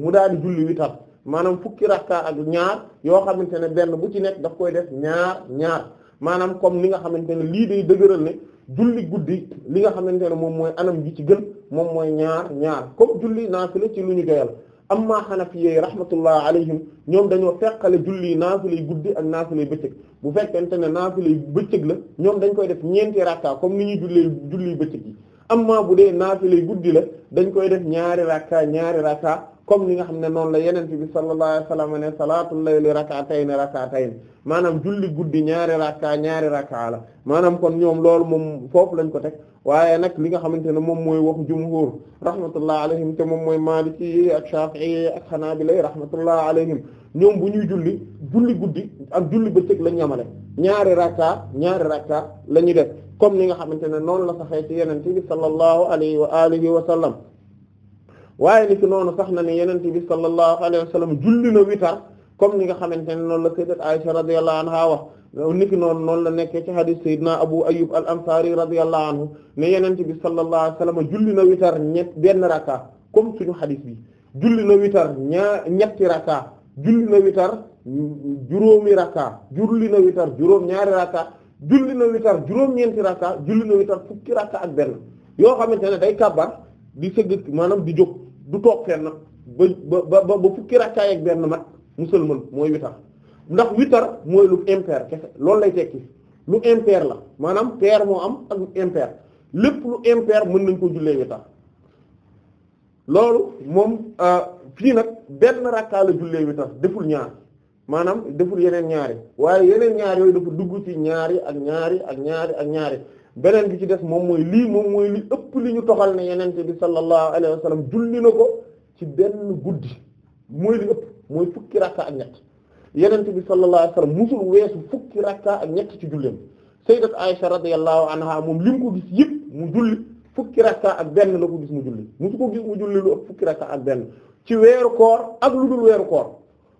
mu daal di julli witar maanaam fukki rakka ak ñaar yoo xamante ne benn bu ci nekk daf koy def ñaar ñaar maanaam comme li nga xamante ne lii de dëgëral ne julli guddi li nga xamante ne moom mooy anam gi ci gën moom mooy ñaar ñaar comme julli la ci lu ñu doyal amma xanafiye rahmatullah alayhim ñoom dañoo feqale julli naafilay guddi ak naafilay bëccëg bu fekkente ne naafilay bëccëg la ñoom dañ koy def ñeenti rakka comme ni ñuy jullee julli bëccëg yi amma bu dee naafilay guddi la dañ koy def ñaari rakka ñaari rakka comme li nga xam ne noonu la yeneen bi sallallahu alayhi wa sallam ne salaatul layli rak'atayn rak'atayn maanaam julli guddi ñaari rakka ñaari rakka maanaam kon ñoom loolu moom foofu lañ ko teg waaye nag li nga xamante ne moom mooy wax jumhur rahmatullah alayhim te moom mooy maliki yi ak shafi'i ak xanaabila rahmatullah alayhim ñoom bu ñuy julli julli guddi ak julli bëccëg lañ yamale ñaari rakka ñaari rakka la ñuy def comme li nga xamante ne noonu la saxee ci yeneen bi sallallahu alayhi wa alihi wa sallam waaye ni noonu sax na ne yenente bi sallallahu alayhi wa sallam julli witar comme ni nga xamante ne noonu la sayyidat Aisha radiyallahu anha wax ni noon noonu la nekkee ci hadith sayyidina Abu Ayyub al-Ansari radiyallahu anhu ne yenente bi sallallahu alayhi wa sallam witar benn raka comme suñu hadith bi na witar ñaa ñetti raka julli na witar juróomi raka julli na witar juróom ñaari raka julli na witar juróom-ñeenti raka julli na witar fukki raka ak benn yoo xamante ne day kàbbar di sëgg maanaam di jóg du toog fenn ba ba ba fukki rakkaay ak benn mat musulman mooy witar ndax witar mooy lu impair kese loolu lay tekki lu impair la maanaam pair moo am ak lu lépp lu impair mën nañ koo jullee witar loolu moom euh, fii nag benn rakkaa la jullee witar deful ñaar maanaam deful yeneen ñaari waaye yeneen ñaar yooyu dafa dugg ci ñaari ak ñaari ak ñaari ak ñaari beneen bi ci des moom mooy lii moom mooy li ëpp li ñu toxal ne yenente bi sallallahu alayhi wa sallam julli na ko ci benn guddi mooy li ëpp mooy fukki rakka ak ñett yenente bi sallallahu alayhi wa sallam musul weesu ak ñett ci julleem sayyidat Aisha radiyallahu moom li mu ko gis yëpp mu julli fukki rakka ak benn la ko gis mu julli musu ko gis mu julli lu ëpp fukki rakka ak benn ci weeru koor ak lu dul weeru koor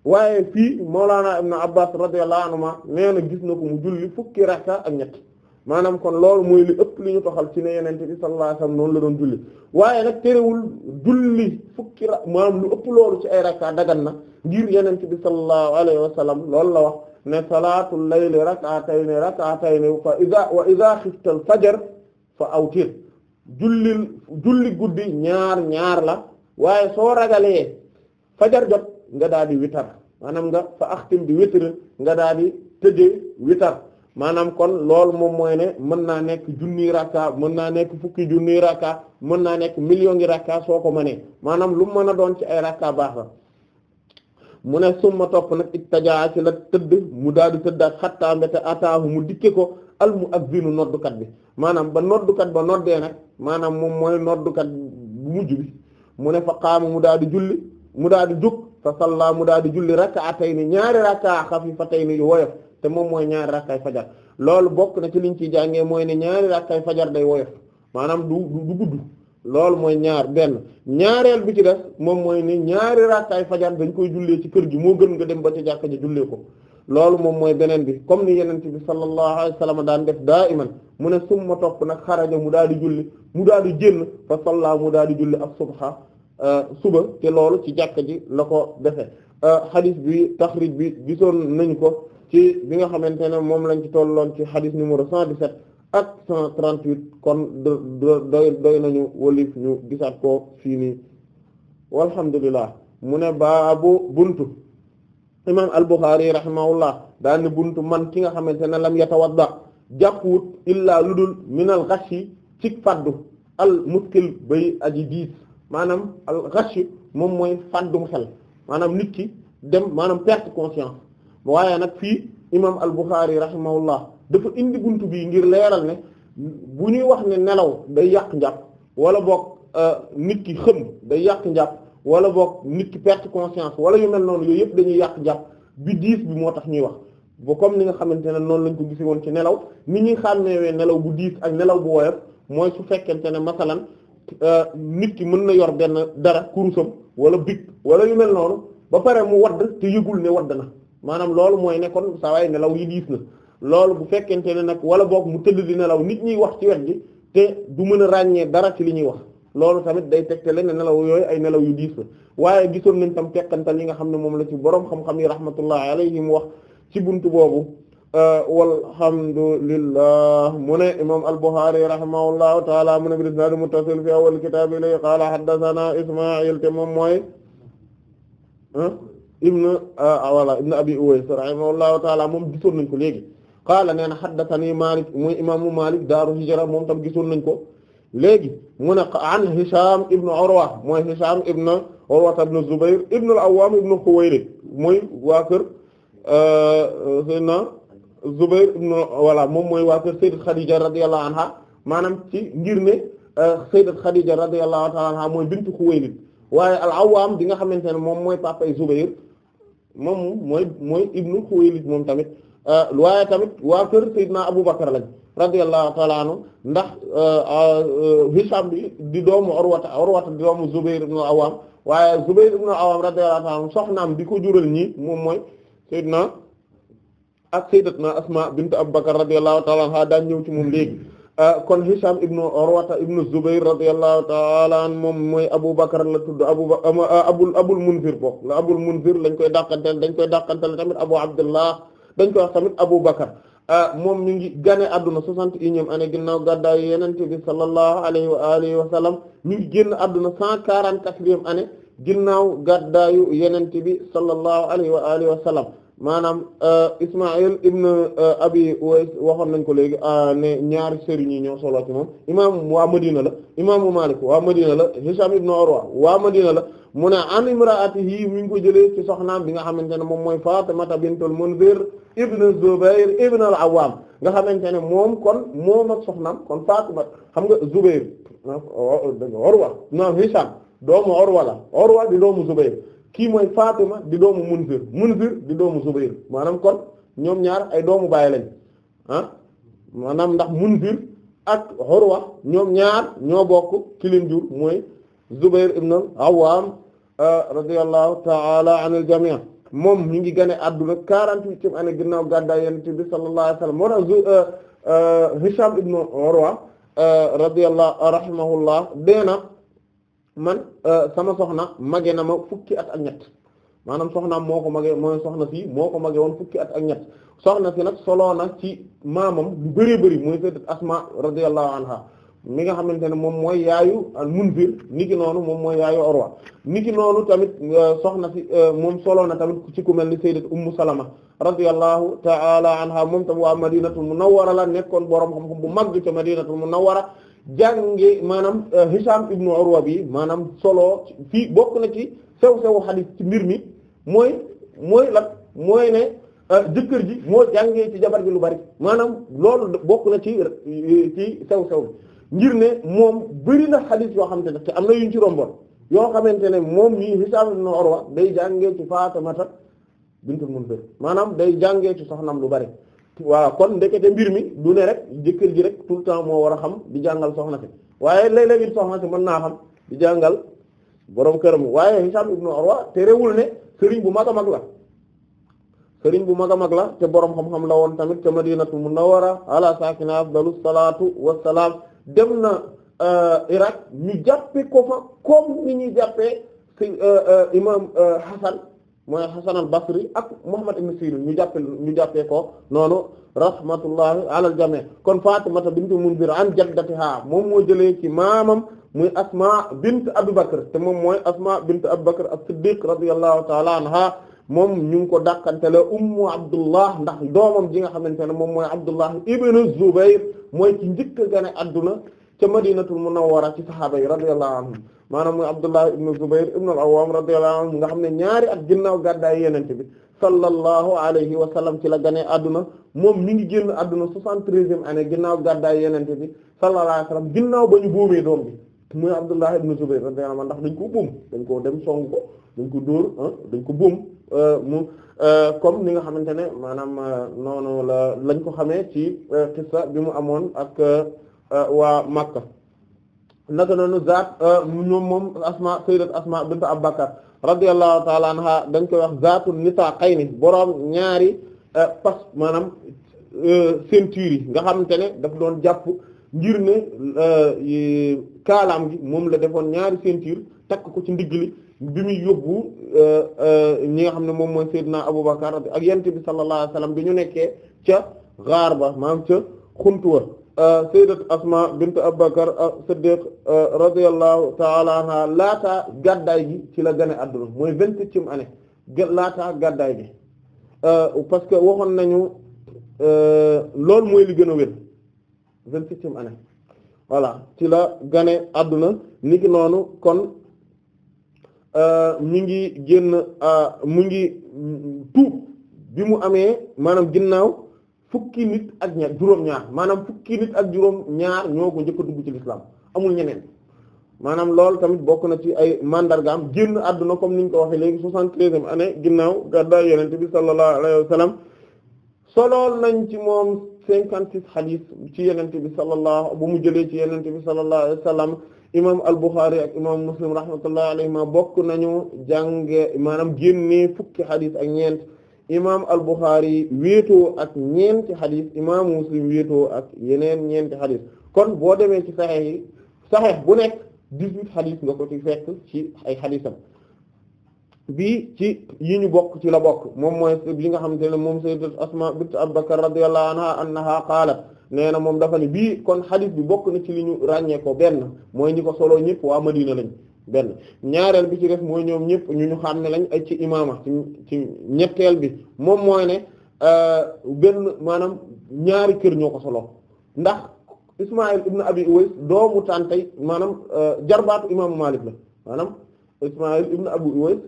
waaye fii Mawlana Ibn Abbas radiyallahu anhuma nee na gis na ko mu julli fukki rakka ak ñett maanaam kon loolu muy li ëpp li ñu toxal ci ne yenente bi alayhi wasallam noonu la doon julli waaye nag terewul julli fukki ra maanaam lu ëpp loolu ci ay rakka dagan na ngir yenente bi sallallahu alayhi loolu la wax ne salaatul layli rak'atayni rak'atayni fa idha wa idha khifta al fa awtir julli guddi ñaar ñaar la waaye soo ragalee fajar jot nga daal di witar maanaam nga fa axtim bi witr nga daal witar maanaam kon loolu moom mooy ne mën naa nekk junni rakka mën naa nekk fukki junni rakka mën naa nekk million ngi rakka soo ko ne maanaam lu mën a doon ci ay rakka baax la mu ne summa topp nag ittajaa ci la tëdd mu daal di tëdd ak xattaa ataahu mu dikke ko al muazzinu noddukat bi maanaam ba noddukat ba noddee nag maanaam moom mooy noddukat bu mujj bi mu ne fa qaama mu daal di julli mu daal di jóg fa salla mu daal di julli rakka atay ni ñaari rakka xafifatay ni woyof te moom mooy ñaari rakkaay fajar loolu bokk na ci liñ ciy jàngee mooy ne ñaari rakkaay fajar day woyof maanaam du du gudd loolu mooy ñaar benn ñaareel bi ci def moom mooy ni ñaari rakkaay fajar dañ koy jullee ci kër gi moo gën nga dem ba ci jàkka ji jullee ko loolu moom mooy beneen bi comme ni yenente bi sallallahu alayhi wa sallam daan def daa iman mu ne summa topp nag xaraja mu daal di julli mu daal di génn fa salla mu daal di julli ak subha euh, suba te loolu ci jàkka ji la ko defe xadis euh, bi taxrij bi gisoon nañu ko ci bi nga xamante ne moom lañ ci tolloon ci xadis numéro 117 ak 138 kon doy doy nañu walif ñu gisaat ko fii nii walhamdulillah mu ne baabu buntu imam al-Bukhari rahimahullah daal ne buntu man ki nga xamante ne lam ba jàppuwut illaa lu dul minal ghashi ci faddu al muskil bay aji diis maanaam al moom mooy faddum xel maanaam nit ki dem maanaam perte conscience waaye nag fii imam al-Bukhari rahimahullah dafa indi buntu bii ngir leeral ne bu ñuy wax ne nelaw day yàq njàpp wala boog euh, nit ki xëm day yàq njàpp wala boog nit ki perte conscience wala yu mel noonu yooyu yëpp dañuy yàq njàpp bi diis bi moo tax ñuy wax boo comme ni nga xamante ne noonu lañ ko gisee woon ci nelaw ni ñuy xàmmeewee nelaw bu diis ak nelaw bu woyof mooy su fekkente ne masalan euh, nit ki mën na yor benn dara kurusam wala big wala yu mel ba pare mu wadd te ne wadd na maanaam loolu mooy ne kon saa waay nelaw yi diis na loolu bu fekkente ne nag wala boog mu tëdd di nelaw nit ñiy wax ci wet gi te du mën a ràññee dara ci li ñuy wax loolu tamit day tegtale ne nelaw yooyu ay nelaw yu diis la waaye gisoon nañ tam teqantal li nga xam ne moom la ci boroom xam-xam yi rahmatullahi mu wax ci buntu boobu euh, walhamdulillah mu ne imam al-Bukhari rahimahullahu taala mu ne bi isnaad muttasil fi awwal kitaab ilay qaala haddathana Isma'il te moom mooy ibn wala ah, ah, ibn abi uways rahimahullahu moom gisoon nañ ko léegi qaala nee na haddathani malik muy imaamu malik daaru hijra moom tam gisoon nañ ko léegi mu ne an hisham ibn urwa mooy hisham ibn urwa ibn zubair ibn al-awwam ibn khuwaylid ah, ibn wala moom mooy waa kër sayyidat khadija radiyallahu anha maanaam ci ngir ne sayyidat khadija radiyallahu ta'ala anha mooy bintu khuwaylid waaye al-awwam bi nga xamante ne moom mooy papay zubair moom mooy mooy ibnu Xuwaylid moom tamit euh, waaye tamit waa kër Seydina Abu Bakr lañ radiyallahu ta'ala anhu ndax euh, euh, Hisham bi di doomu Urwata Urwata di doomu Zubayr ibn Awam waaye Zubayr ibn Awam radiyallahu ta'ala anhu soxnaam di ko jural ñi moom mooy Seydina ak Sayyidatna Asma bint Abu Bakr radiyallahu ta'ala anha daan ñëw ci moom léegi Ah, kon Hisham ibn Urwata ibn Zubayr radiyallahu ta'ala an moom mooy Abu Bakr la tudd Abu ah, Abul Abul Munzir bok la Abul Munzir lañ koy dàqanteel dañ koy dàqanteel tamit Abu Abdullah dañ koy wax tamit Abu Bakr ah, moom mi ngi gane adduna soixante et unième année ginnaaw gàddaay Yonent bi sallallahu alayhi wa alihi wa sallam mi ngi génn adduna cent quarante-quatrième ginnaaw gàddaayu Yonent bi sallallahu alayhi wa alihi maanaam euh, Ismaïl ibn euh, Abi Uways waxoon nañ ko léegi euh, ne ñaari sëriñ yi ñoo solo ci moom imaam waa Madina la imaamu Maalik waa Madina la Hisham ibn Urwa waa Madina la mu ne an imraatihi mi ngi ko jëlee ci soxnaam bi nga xamante ne moom mooy Faatimata bintul Munzir ibn Zubayr ibn al-Awwam nga xamante ne moom kon moom ak soxnaam kon Faatima xam nga Zubayr ah, Urwa non Hisham doomu Urwa la Urwa di doomu Zubayr kii mooy Fatima di doomu Munzir Munzir di doomu Zubayr maanaam kon ñoom ñaar ay doomu baay lañ ah maanaam ndax Munzir ak Urwa ñoom ñaar ñoo bokk ki leen jur mooy Zubayr ibn al-Awwam euh, radiyallahu ta'ala anil jami' moom ñu ngi gane adduna quarante-huitième année ginnaaw gàddaay Yonent bi sallallahu alayhi a moo tax euh, euh, Hisham ibn Urwa rahimahullah deena man euh, sama soxna mage na ma fukki at ak ñett maanaam soxna moo ko mage mooy soxna si moo ko mage woon fukki at ak ñett soxna si nag soloo na ci maamam lu bëree bëri mooy sayyidat Asma radiyallahu anha mi nga xamante ne moom mooy yaayu al-Munzir niki noonu moom mooy yaayu Urwa niki noonu tamit euh, soxna si euh, moom soloo na tamit ci ku mel ni sayyidat Ummu Salama radiyallahu ta'ala anha moom tam waa Madinatul Munawwara la nekkoon borom xam-xam bu mag ca Madinatul Munawwara jànge maanaam euh, Hisham ibnu Urwa bi maanaam solo fii bokk na ci sew-sew xadiis ci mbir mi mooy mooy lan mooy ne euh, jëkkër ji moo jàngee ci jabar bi lu bari maanaam loolu bokk na ci euh, ci sew-sew bi ngir ne moom bëri na xadiis yoo xam xamante ne te am na yuñ ci romboon yoo xamante ne moom nii Hisham ibnu Urwa day jàngee ci Faatimata bintul Munzir maanaam day jàngee ci soxnam lu bari waaw kon ndekete mbir mi du rek jëkkër ji rek tout le temps moo war a xam di jàngal soxna si waaye léeg-léeg it soxna si mën naa xam di jàngal borom këram waaye Hisham ibn Urwa te rewul ne sëriñ bu mag a mag la sëriñ bu mag a mag la te borom xam-xam la woon tamit te Madinatu Munawwara ala sakina afdalus salaatu wassalaam dem na euh, Irak ñu jàppe ko fa comme ni ñuy jàppee euh, euh, imam Hasan mooy Hasan al-Basri ak Muhammad ibn Sirin ñu jàppe ñu jàppee ko noonu rahmatullahi alal jami kon Fatimata bintu Munzir an jaddatiha moom moo jëlee ci maamam muy Asma bint Abi Bakr te moom mooy Asma bint Abi Bakr as-Siddiq radiyallahu ta'ala anha moom ñu ngi ko dàqantele ummu abdullah ndax doomam ji nga xamante ne moom mooy Abdullah ibn Zubayr mooy ci njëkk a adduna ca madinatul munawwara ci sahaaba yi radiyallahu anhum maanaam muy abdullah ibn zubair ibn al-awwam radiyallahu anhum nga xam ne ñaari at ginnaaw gàddaay yenente bi sallallahu alayhi wa sallam ci la ganee adduna moom mi ngi génn adduna soixante-treizième année ginnaaw gàddaay yenente bi sallallahu alayhi wa sallam ginnaaw ba ñu buumee doom bi muy abdullah ibn zubair radiyallahu anhu ndax dañ ko buum dañ ko dem song ko dañ ko dóor ah, dañ ko buum euh, mu euh, comme ni nga xamante ne maanaam euh, noonu la lañ ko xamee ci xissa bi mu amoon ak Euh, waa Makka naka noonu zaat euh, ñoom moom asma sayyidat asma bint Abubakar radiyallahu ta'ala anha dañ koy wax zaatu nisaqayni boroom ñaari euh, pas maanaam ceinture yi nga xamante ne daf loon jàpp ngir ne kaalaam gi moom la defoon ñaari ceinture takk ko ci ndigg li bi muy yóbbu ñi nga xam ne moom mooy Seydina Abubakar ak yent bi sallallahu alayhi wasallam bi ñu nekkee ca gaar ba maanaam ca xuntuwa Euh, sayyidat Asma bint Abubakar euh, Siddiq euh, radiyallahu ta'ala anha laataa gàddaay gi ci la gane adduna mooy vingt-septième année laataa gàddaay gi parce que waxoon nañu loolu mooy li gën a vingt-septième année voilà ci la gane àdduna niki noonu kon mu ngi génn mu ngi tuub bi mu amee maanaam ginnaaw fukki nit ak ñaar juróom-ñaar maanaam fukki nit ak juróom-ñaar ñoo ko njëkk a dugg ci lislaam amul ñeneen maanaam loolu tamit bokk na ci ay mandargaam génn àdduna comme niñ ko waxee léegi soixante-treizième année ginnaaw gàddaay yonent bi sallallahu alayhi wa sallam solool nañ ci moom cinquante-six hadith ci yonent bi sallallahu bu mu jëlee ci yonent bi sallallahu alayhi wa sallam imam al-Bukhari ak imam Muslim rahmatullahi ma bokk nañu jànge maanaam génnee fukki hadith ak ñeent imam al-Bukhari wéetoo ak ñeenti xadis imaamu Muslim wéetoo ak yeneen ñeenti xadis kon boo demee ci saxeex yi saxeex bu nekk dix-huit xadis nga ko ci fekk ci ay xadisam bii ci yi ñu bokk ci la bokk moom mooy li nga xamante ne moom sayyidat Asma bint Abu Bakr radiyallahu anha annaha qaalat nee na moom dafa ne bii kon xadis bi bokk na ci li ñu ràññee benn mooy ñi ko solo ñëpp waa Madina lañ benn ñaareel bi ci def mooy ñoom ñëpp ñu ñu xam ne lañ ay ci imaama ci ñetteel bi moom mooy ne euh, benn maanaam ñaari kër ñoo ko solo ndax Ismaïl ibn Abi Uways doomu tàntey maanaam euh, jarbaatu imaamu Maalik la maanaam Ismaïl ibn Abi Uways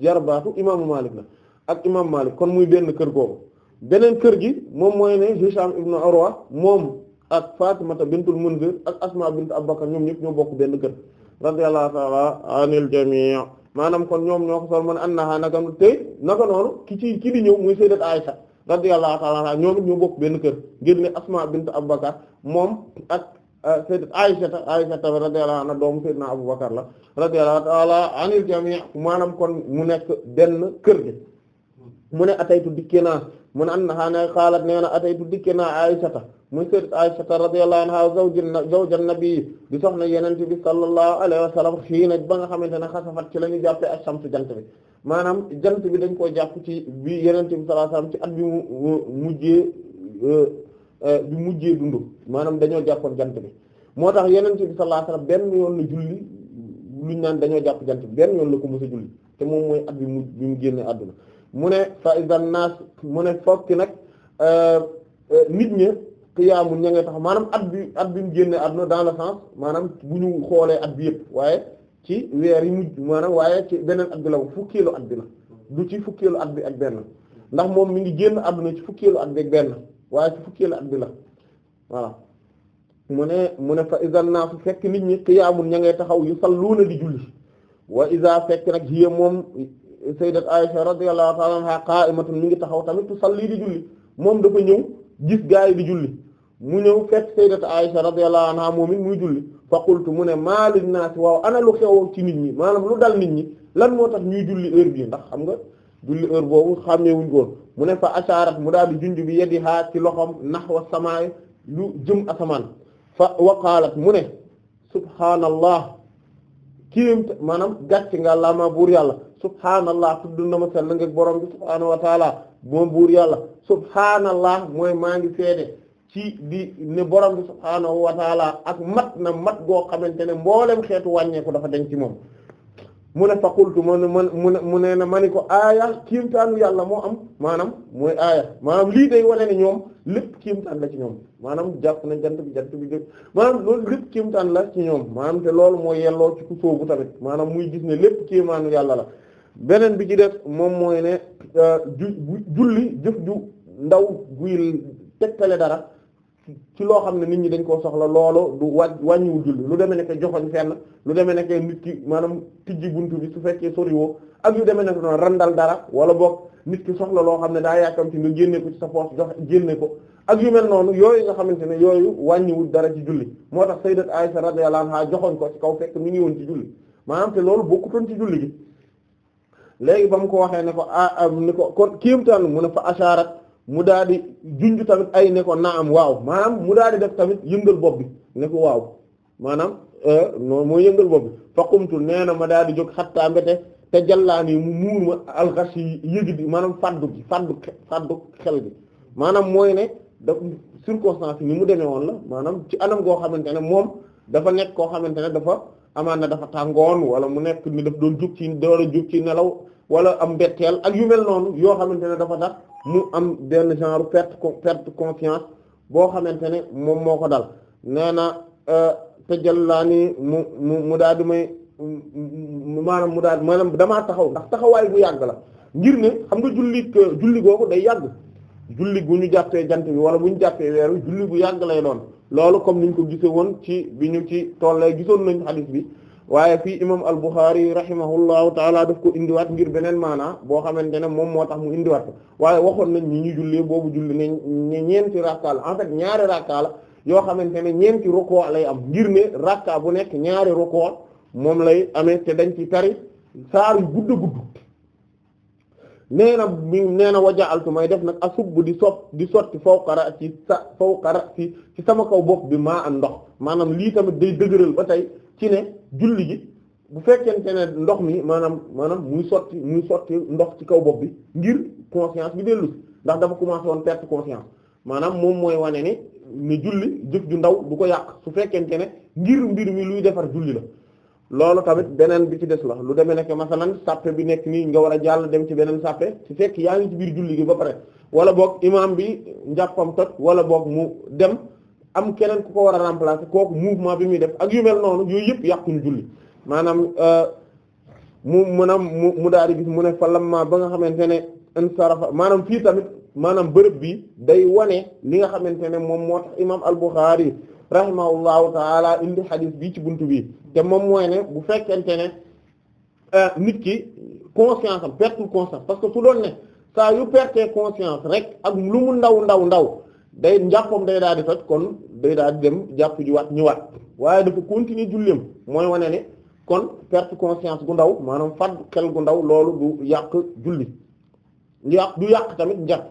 jarbaatu imaamu Maalik la ak imaamu Maalik kon muy benn kër googu beneen kër gi moom mooy ne Hisham ibn Urwa moom ak Fatimata bintul Munzir ak Asma bint Abu Bakr ñoom ñëpp ñoo bokk benn kër radiyallahu ta'ala anil jamii maanaam kon ñoom ñoo ko sol mu ne annaha naka nu tey naka noonu ki ci ki di ñëw muy sayyidat Aisha radiyallahu ta'ala ñoom it ñu bokk benn kër ngir ne Asma bint Abubakar moom ak euh, sayyidat Aisha Aisha tamit radiyallahu anha doomu sayyidna Abubakar la radiyallahu ta'ala anil jamii maanaam kon mu nekk benn kër gi mu ne ataytu dikkee naa mun annaha ne xaalat nee na ataytu dikke naa aïsata muy sayyidat aïsata radiyallahu anha zawju zawjan nabii di soxna yenente bi sallallahu alayhi wa sallam xiina ba nga xamante ne xasafat ci lañuy ñu jàppee ak samsu jant bi maanaam jant bi dañ koy jàpp ci bi yenente bi sallallahu ci at bi mu mujjee euh, euh, bi mujjee dund maanaam dañoo jàppoon jant bi moo tax yenente bi sallallahu alayhi wa sallam benn yoon la julli luñ naan dañoo jàpp jant bi benn yoon la ko mës a julli te moom mooy at bi mu bi mu génne àdduna mu ne fa izan naas mu ne fokki nag euh, euh, nit ñi qiyaamu ña nga tax maanaam at bi at bi mu génne àdduna dans le sens maanaam bu ñu xoolee at bi yëpp waaye ci weer yi mujj maanaam waaye ci beneen at bi la fukkeelu at bi la du ci fukkeelu at bi ak benn ndax moom mi ngi génn àdduna ci fukkeelu at bi ak benn waaye ci fukkeelu at bi la voilà mu ne mu ne fa izan naas fekk nit ñi qiyaamu ña ngay taxaw yu salluuna di julli wa iza fekk nag hiya moom sayyidat Aisha radiyallahu ta'ala anha qa'imatun mi ngi taxaw tamit tusalli di julli moom dafa ñëw gis gaa di julli mu ñëw fekk sayyidat Aisha radiyallahu anha moom it muy julli fa qultu mu ne ma lin naas waaw ana lu xew ci nit ñi maanaam lu dal nit ñi lan moo tax ñuy julli heure bii ndax xam nga julli heure boobu xàmmeewuñ ko woon mu ne fa asharat mu daal di junj bi yadiha ci loxoom nahwa samaa'i lu jëm asamaan fa wa mu ne subhaanallah kiim maanaam gàcc buur yàlla subhaanallah tudd na ma sell nga borom bi subhaanahu wa taala moom buur yàlla subhaanallah mooy maa ngi seede ci di ne borom bi subhaanahu wa ak mat na mat goo xamante ne mboolem xeetu wàññeeku dafa denc ci moom mu ne faqultu mu ne mu ne na ma ni ko aaya kiimtaanu yàlla moo am maanaam mooy aaya maanaam lii dey wane ne ñoom lépp kiimtaan la ci ñoom maanaam jàpp na jant bi jant bi jë maanaam lool lépp kiimtaan la ci ñoom maanaam te loolu mooy yelloo ci ku sóobu tamit maanaam muy gis ne lépp kiimaanu yàlla la beneen bi ci def moom mooy ne euh, julli jëf ju ndaw guy tegtale dara ci loo xam ne nit ñi dañ koo soxla loolu du wàñ wàññiwu julli lu demee nekk joxoñ fenn lu demee nekk nit ki maanaam tijji bunt bi su fekkee soriwoo ak yu demee nekk noonu randal dara wala boog nit ki soxla loo xam ne daa yàkkam ci nga génne ko ci sa poche jox génne ko ak yu mel noonu yooyu nga xamante ne yooyu wàññiwul dara ci julli moo tax sayyidat Aisha radiyallahu anha joxoñ ko ci kaw fekk mi ngi woon ci loolu bokkutoon ci julli gi léegi ba mu ko waxee ne ko ah, ah ni ko kon kéimtaan mu ne fa asharat mu daal di junj tamit ay ne ko naam waaw maanaam mu daal di def tamit yëngal bopp bi ne ko waaw maanaam euh, non mooy yëngal bopp bi fa qumtu nee na ma daal di jóg xattaa te jallaani mu muur ma alxas yi yëgi bi maanaam faddu gi faddu faddu xel bi maanaam mooy ne da circonstance ni mu demee woon la maanaam ci anam goo xamante ne moom dafa nekk koo xamante ne dafa amaan na dafa tàngoon wala mu nekk ni daf doon jug ci door a wala am mbetteel ak mel noonu yoo xamante ne dafa tax mu am benn genre perte perte confiance boo xamante ne moom moo ko dal nee na euh, te jëllaa ni mu daal di may maanaam mu daal maanaam damaa taxaw ndax taxawaay bu yàgg la ngir ne xam nga julli julli googu day yàgg julli gu ñu jàppee jant bi wala bu ñu jàppee weer wi julli gu yàgg lay doon loolu comme niñ ko gise woon ci bi ñu ci tollee gisoon nañ xadis bi waaye fii imam al-Bukhari rahimahullahu taala daf ko indiwaat ngir beneen maanaa boo xamante ne moom moo tax mu indiwaat ko waaye waxoon nañ ñi ñu jullee boobu julli ne ñeenti rakka la en fait ñaari rakka la yoo xamante ne ñeenti rukoo lay am ngir ne rakka bu nekk ñaari rukoo moom lay amee te dañ ci tari saar yu gudd gudd nee na mi nee na waja altu may def nag bu di sot di sotti fawqa ra'si sa fawqa ra'si ci sama kaw bopp bi maa am ndox maanaam lii tamit day dëgëral ba tey ci ne julli gi bu fekkente ne ndox mi maanaam maanaam muy sotti muy sotti ndox ci kaw bopp bi ngir conscience bi dellu ndax dafa commencé woon perte conscience maanaam moom mooy wane ni ne julli jëf ju ndaw du ko yàq su fekkente ne ngir mbir mi luy defar julli la loolu tamit beneen bi ci des la lu demee nekk masalan sàppe bi nekk nii nga war a jàll dem ci beneen sàppe su fekk yaa ngi ci biir julli gi ba pare wala boog imam bi njàppam toj wala boog mu dem am keneen ku ko war a remplacer kooku mouvement bi muy def ak yu mel noonu yooyu yëpp yàquñ julli maanaam euh, mu mënaam mu mu daal di gis mu ne fa lamma ba nga xamante ne insarafa maanaam fii tamit maanaam bërëb bi day wane li nga xamante ne moom moo tax imam rahimahullahu taala indi xadis bi ci bunt bi te moom mooy ne bu fekkente ne euh, nit ki conscience am perte conscience parce que su doon ne saa yu perte conscience rek ak lu mu ndaw ndaw ndaw day njàppam day daal di toj kon day daal di dem jàpp ji waat ñëwaat waaye dafa continuer julleem mooy wane ne kon perte conscience gu ndaw maanaam fad xel gu ndaw loolu du yàq julli yàq du yàq tamit njàpp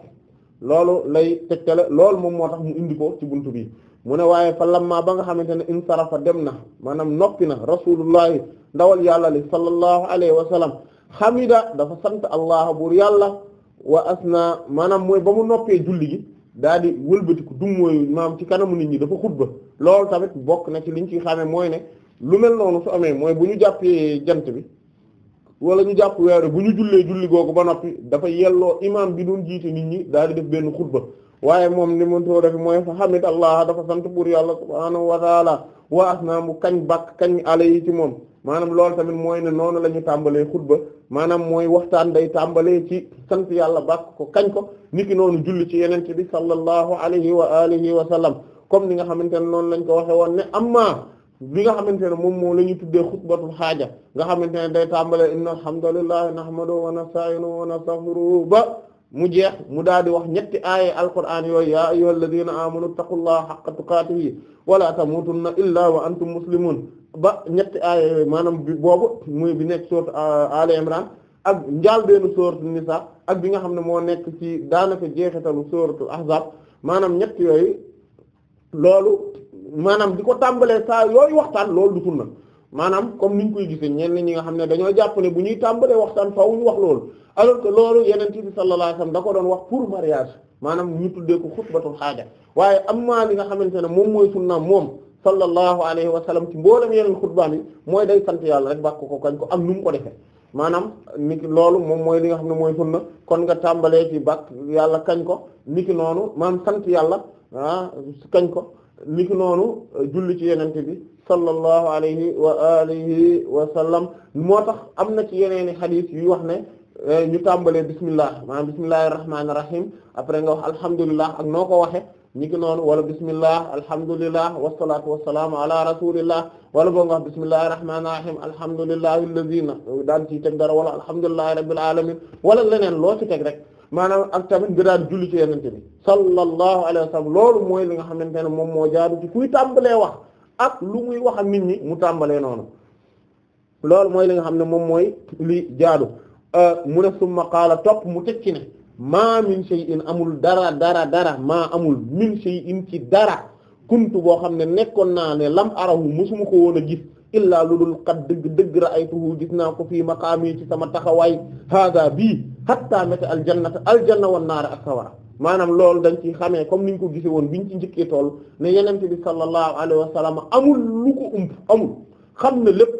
loolu lay tegtale loolu moom moo tax mu indi ko ci buntu bi mu ne waaye fa lamma ba nga xamante ne insarafa dem na maanaam noppi na rasulullahi ndawal yàlla li sallallahu alayhi wa sallam xamida dafa sant allah buur yàlla wa asna maanaam mooy ba mu noppee julli gi daal di wëlbatiku dum mooy maam ci kanamu nit ñi dafa xutba loolu tamit bokk na ci liñ ci xamee mooy ne lu mel noonu su amee mooy bu ñu jàppee jant bi wala ñu jàpp weer bu ñu jullee julli googu ba noppi dafa yelloo imaam bi doon jiite nit ñi daal di def benn xutba waaye moom ni mu too def mooy fa hamid allah dafa sant buur yàlla subhaanahu wa taala wa asna mu kañ bàkk kañ ale yi ci moom maanaam loolu tamit mooy ne noonu la ñu tàmbalee xutba maanaam mooy waxtaan day tàmbalee ci sant yàlla bàkk ko kañ ko niki noonu julli ci yeneen ci bi sallallahu alayhi wa alihi wa sallam comme ni nga xamante ne noonu lañ ko waxe woon ne amma li nga xamante ne moom moo la ñu tuddee xutbatul xaaja nga xamante ne day tàmbalee inna alhamdulillahi nahmaduhu wa nasta'inu wa nastaghfiruhu ba mu jeex mu daal wax ñetti aaya alquraan yooyu ya yaa ayyuhal ladina amanu taqullaha haqqa tuqaatihi wala tamutunna illa wa antum muslimun ba ñetti aaya yooyu maanaam bi boobu muy bi nekk sourate Al ah, Imran ak njaal beenu sourate Nisa ak bi nga xam ne moo nekk ci daanaka jeexitalu sourate Ahzab maanaam ñetti yooyu loolu maanaam di ko tàmbalee saa yooyu waxtaan loolu du sunna maanaam comme niñ koy gisee ñenn ñi nga xam ne dañoo jàpp ne bu ñuy tàmbalee waxtaan faaw ñu wax loolu alors que loolu yeneen bi sallallahu alayhi da ko doon wax pour mariage maanaam ñu tuddee ko xutbatul xaaja waaye am maa li nga xamante ne moom mooy sunna moom sallallahu alayhi wasallam ci mboolem yeneen xutbaam yi mooy day sant yàlla rek bàkk ko kañ ko am nu mu ko defee maanaam niki loolu moom mooy li nga xam ne mooy sunna kon nga tàmbalee ci bàkk yàlla kañ ko niki noonu maanaam sant yàlla ah kañ ko niki noonu julli ci yenente bi sallallahu alayhi wa alihi wa sallam moo tax am na ci yeneeni xadis yu wax ne eh, ñu tàmbalee bismillah maanaam bismillahir rahmanir rahim après nga wax alhamdulillah ak noo ko waxe ñi ngi noonu wala bismillah alhamdulillah wasalaatu wasalaamu ala rasulillah wala boo nga wax bismillahir rahmanir rahim alhamdulillahi alladhina daan ci teg dara wala alhamdulillahi rabbil alamin wala leneen loo ci teg rek maanaam ak tamit nga daan julli ci yenente bi sallallahu alayhi wa sallam loolu mooy li nga xamante ne moom moo jaadu ci kuy tàmbalee wax ak lu muy waxam ak nit mu tàmbalee noonu loolu mooy li nga xam ne moom mooy li jaadu euh, mu ne summa qaala topp mu teg ci ne maa min shay'in amul dara dara dara maa amul min shay'in ci dara kuntu boo xam ne nekkoon naa ne lam arahu musuma ko woon a gis illaa lu dul xat dëgg dëgg ra'aytuhu gis naa ko fii maqaami ci sama taxawaay hada bii hatta mata aljannata aljanna wan naara ak sawara maanaam loolu dañ ci xamee comme niñ ko gise woon biñ ci njëkkee tool ne yenente bi sallallahu alayhi wa sallam amul lu ko ump amul xam na lépp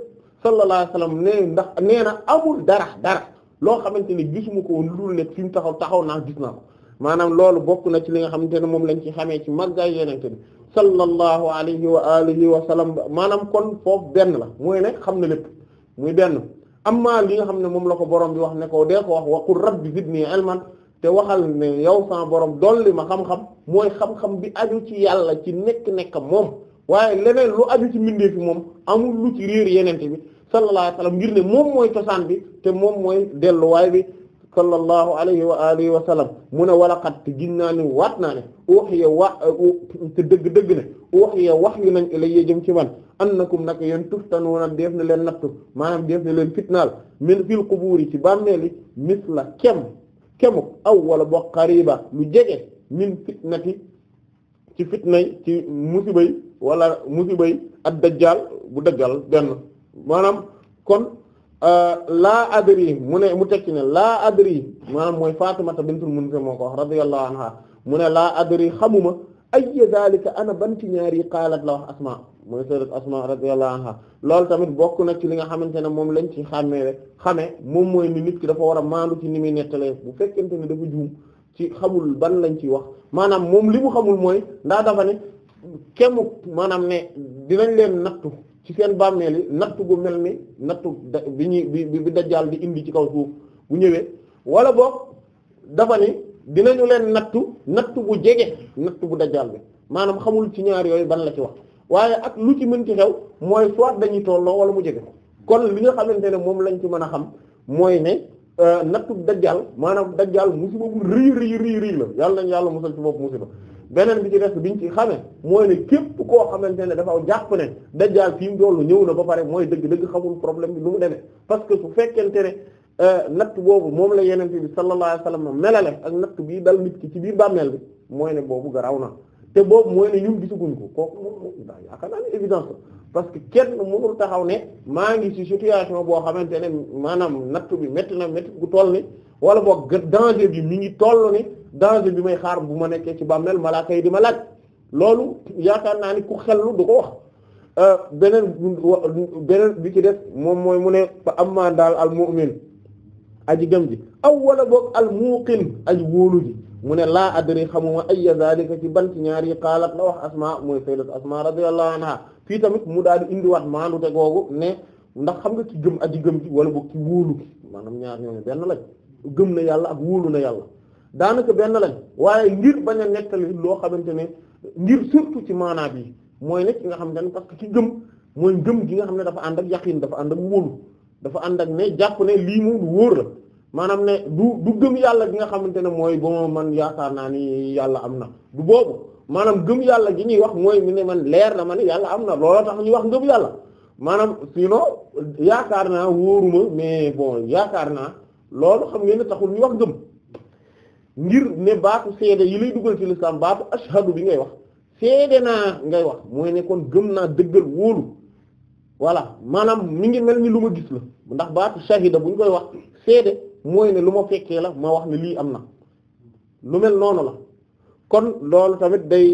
sallallahu alayhi wa sallam ne ndax nee na amul dara dara loo xamante ne gisuma ko woon lu fi mu taxaw taxaw naa gis naa maanaam loolu bokk na ci li nga xamante ne moom lañ ci xamee ci màggaay yenente bi sallallahu alayhi wa alihi wa sallam maanaam kon foofu benn la mooy ne xam na lépp muy benn amma li nga xam ne moom la ko borom bi wax ne ko dee ko wax wa qul rabbi zidni ilman te waxal ne yow sama borom dolli ma xam-xam mooy xam-xam bi aju ci yàlla ci nekk-nekkam moom waaye leneen lu aju ci mbindeef bi moom amul lu ci réer yenente bi sallallahu alayhi wa sallam ngir ne moom mooy cosaan bi te moom mooy delluwaay bi sallallahu alayhi wa alihi wa sallam mu ne walaqat te gin naa ne waat naa ne uhiya wa te dëgg-dëgg ne uhiya wax yu nañ ilayya jëm ci man annakum nag yéen tuftanuuna def na leen nattu maanaam def na leen fitnaal min fil qubuuri ci bàmmeeli misla kem kemuk aw wala boo xariba lu jege min fitnati ci fitnay ci musibay wala musibay ad dajjal bu dajjal benn maanaam kon euh, laa adri mu ne mu tekki ne laa adri maanaam mooy Faatimata bintul Munzir moo ko wax radiyallahu anha mu ne laa adri xamuma ay dalika ana banti ñaari qaalat la wax asma mooy sayyidat Asma radiyallahu anha loolu tamit bokk na ci li nga xamante ne moom lañ ci xàmmee rek xamee moom mooy ni nit ki dafa war a maandu ci ni muy nettalee bu fekkente ne dafa juum ci xamul ban lañ ci wax maanaam moom li mu xamul mooy ndaa dafa ne kemm maanaam ne dinañ leen nattu ci seen bàmmeel yi nattu gu mel ni nattu bi ñuy bi bi dajjaal di indi ci kaw suuf bu ñëwee wala boog dafa ni dinañu leen nattu nattu bu jege nattu bu dajjaal bi maanaam xamul ci ñaar yooyu ban la ci wax waaye ak lu ci mën ci xew mooy soit dañuy tolloo wala mu jege kon li nga xamante ne moom lañ ci mën a xam mooy ne euh, nattu dajjal maanaam dajjal musiba bu rëy rëy rëy rëy la yàlla nañ yàlla musal ci bopp musiba beneen bi ci des biñ ci xamee mooy ne képp koo xamante ne dafa jàpp ne dajjal fi mu doolu ñëw na ba pare mooy dëgg-dëgg xamul problème bi lu mu demee parce que su fekkente ne euh, natt boobu moom la yenente bi sallallahu alayhi wasallam melale ak natt bii dal nit ki ci biir bàmmeel bi mooy ne boobu garaaw na te boobu mooy ne ñun gisaguñ ko kooku moom daa ne évidence la parce que kenn mënul taxaw ne maa ngi ci situation boo xamante ne maanaam natt bi métti na métti gu toll ni wala danger bi mi ngi toll ni bi may xaar bu ma nekkee ci bàmmeel malaaka di ma laaj loolu yaakaar naa ni ku xellu du ko euh, bi ci def moom mooy mu ne fa amma daal al mu'min aji gëm ji aw wala boog al muqin wóolu ji mu ne laa adri xamuma ayya zalika ci ban ci ñaar yi la wax asma mooy sayyidat asma radiyallahu anha fii tamit mu daal di indiwaat maandu te googu ne ndax xam nga ci gëm aji gëm ji wala boog ci wóolu gi maanaam ñaar ñooñu benn lañ gëm na yàlla ak wóolu na yàlla daanaka benn lañ waaye ngir bañ a nettali loo xamante ne ngir surtout ci maanaa bi mooy ne ki nga xam ne parce que ci gëm mooy gëm ki nga xam ne dafa ànd ak yaqin dafa ànd ak dafa ànd ak ne jàpp ne lii moom wóor la maanaam ne du du gëm yàlla bi nga xamante ne mooy bon man yaakaar naa ni yàlla am na du boobu maanaam gëm yàlla gi ñuy wax mooy mu ne man leer na ma ne yàlla am na looloo tax ñuy wax ngëm yàlla maanaam sinon yaakaar naa wóoruma yaakaar naa loolu xam ngeen ne taxul ñu wax gëm ngir ne baatu seede yi lay dugal ci lislaam baatu ashhadu bi ngay wax seede naa ngay wax mooy ne kon gëm naa dëggal wóolu voilà maanaam mi ngi mel ni lu ma gis la ndax baatu shahida bu ñu koy wax seede mooy ne lu ma fekkee la ma wax ne lii am na lu mel noonu la kon loolu tamit day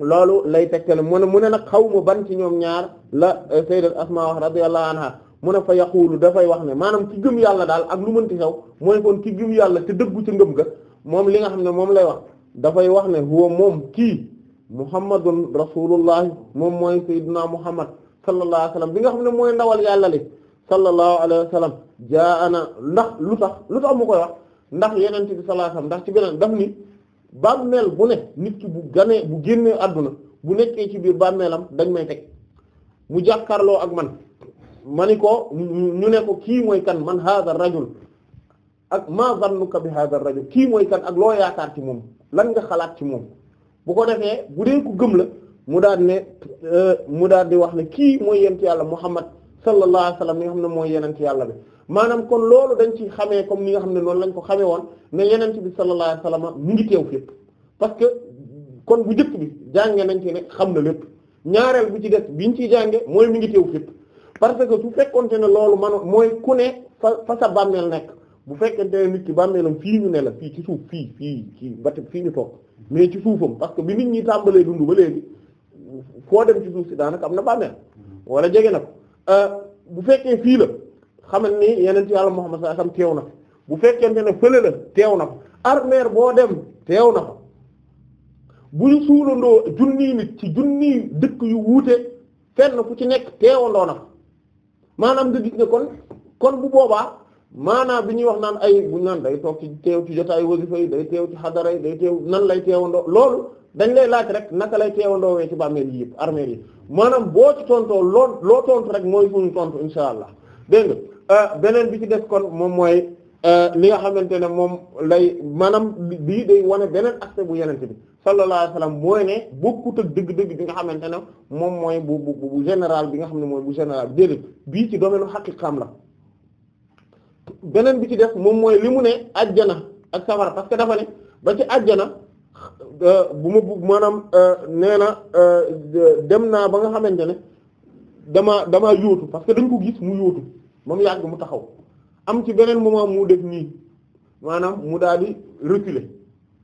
loolu lay tegtale mu ne mu ne nag xaw ma ban ci ñoom ñaar la euh, sayyidat Asma wax radiyallahu anha mu ne fa yaqulu dafay wax ne maanaam ci gëm yàlla daal ak lu mënti xew mooy kon ci gëm yàlla te dëggu ci ngëm ga moom li nga xam ne moom lay wax dafay wax ne huwa moom kii muhammadun rasulullah moom mooy sayyidina muhammad sallallahu alayhi bi nga xam ne mooy ndawal yàlla li sallallahu jaa ana ndax lu tax lu tax mu koy wax ndax yeneen bi sallallahu alayhi ndax ci beneen daf ni bàmmeel bu ne nit ki bu ganee bu génnee àdduna bu nekkee ci biir bàmmeelam dañ may teg mu jàkkaarloo ak man mani ko ñu ne ko kii mooy kan man hadha rajul ak ma zannuka bi hadha rajul kii mooy kan ak loo yaakaar ci moom lan nga xalaat ci moom bu ko defee bu dee ku gëm la mu daal ne euh, mu daal di wax ne kii mooy ci yàlla Muhammad sallallahu alayhi wasallam mi nga xam ne mooy yenent yàlla maanaam kon loolu dañ ci xamee comme ni nga xam ne noonu lañ ko xamee woon ne yenent bi sallallahu alayhi wasallam mu ngi teew fépp parce que kon bu njëkk bi jànge nañ ci ne xam na lépp ñaareel bu ci des biñ ciy jànge mooy mi ngi teew parce que su fekkonte ne loolu man mooy ku ne fa fa sa bàmmeel nekk bu fekkente ne nit ki bàmmeelam fii ñu ne la fii ci suuf fii fii ci bati fii ñu toog mais ci suufam parce que bi nit ñi tàmbalee dund ba léegi foo dem ci suuf si daanaka am na bàmmeel wala jege na euh, bu fekkee fii la xamal ni yeneen ci yàlla Muhammad sallallahu alayhi wasallam teew na fa bu fekkente ne fële la teew na fa boo dem teew na fa bu ñu suulandoo nit ci junniy dëkk yu wuute fenn fu ci nekk teewandoo na fa maanaam nga gis ne kon kon bu boobaa maanaam bi ñuy wax naan ay bu naan day toog ci teew ci jotaayu wasifa yi day teew ci xadara yi day teew nan lay teewandoo loolu dañ lay laaj rek naka lay teewandoo wee ci bàmmeel yi yëpp yi maanaam boo ci tontoo loo loo tontu rek mooy fu ñu tontu insha allah dégg Euh, beneen bi ci des kon moom mooy euh, li nga xamante ne moom lay maanaam bii day wane beneen aspect bu yenente bi sallallahu alayhi wasallam mooy ne bokkut ak dëgg-dëgg bi nga xamante ne moom mooy bu bu général bi nga xam ne mooy bu général bi déedéet bii ci domaine xaqiqaam la beneen bi ci def moom mooy li mu ne ajjana ak safara parce que dafa ne ba ci ajjana euh, bu ma bugg maanaam nee na dem naa ba nga xamante ne damaa damaa yóotu parce que dañ ko gis mu yóotu moom yàgg mu taxaw am ci beneen moment mu def nii maanaam mu daal di reculer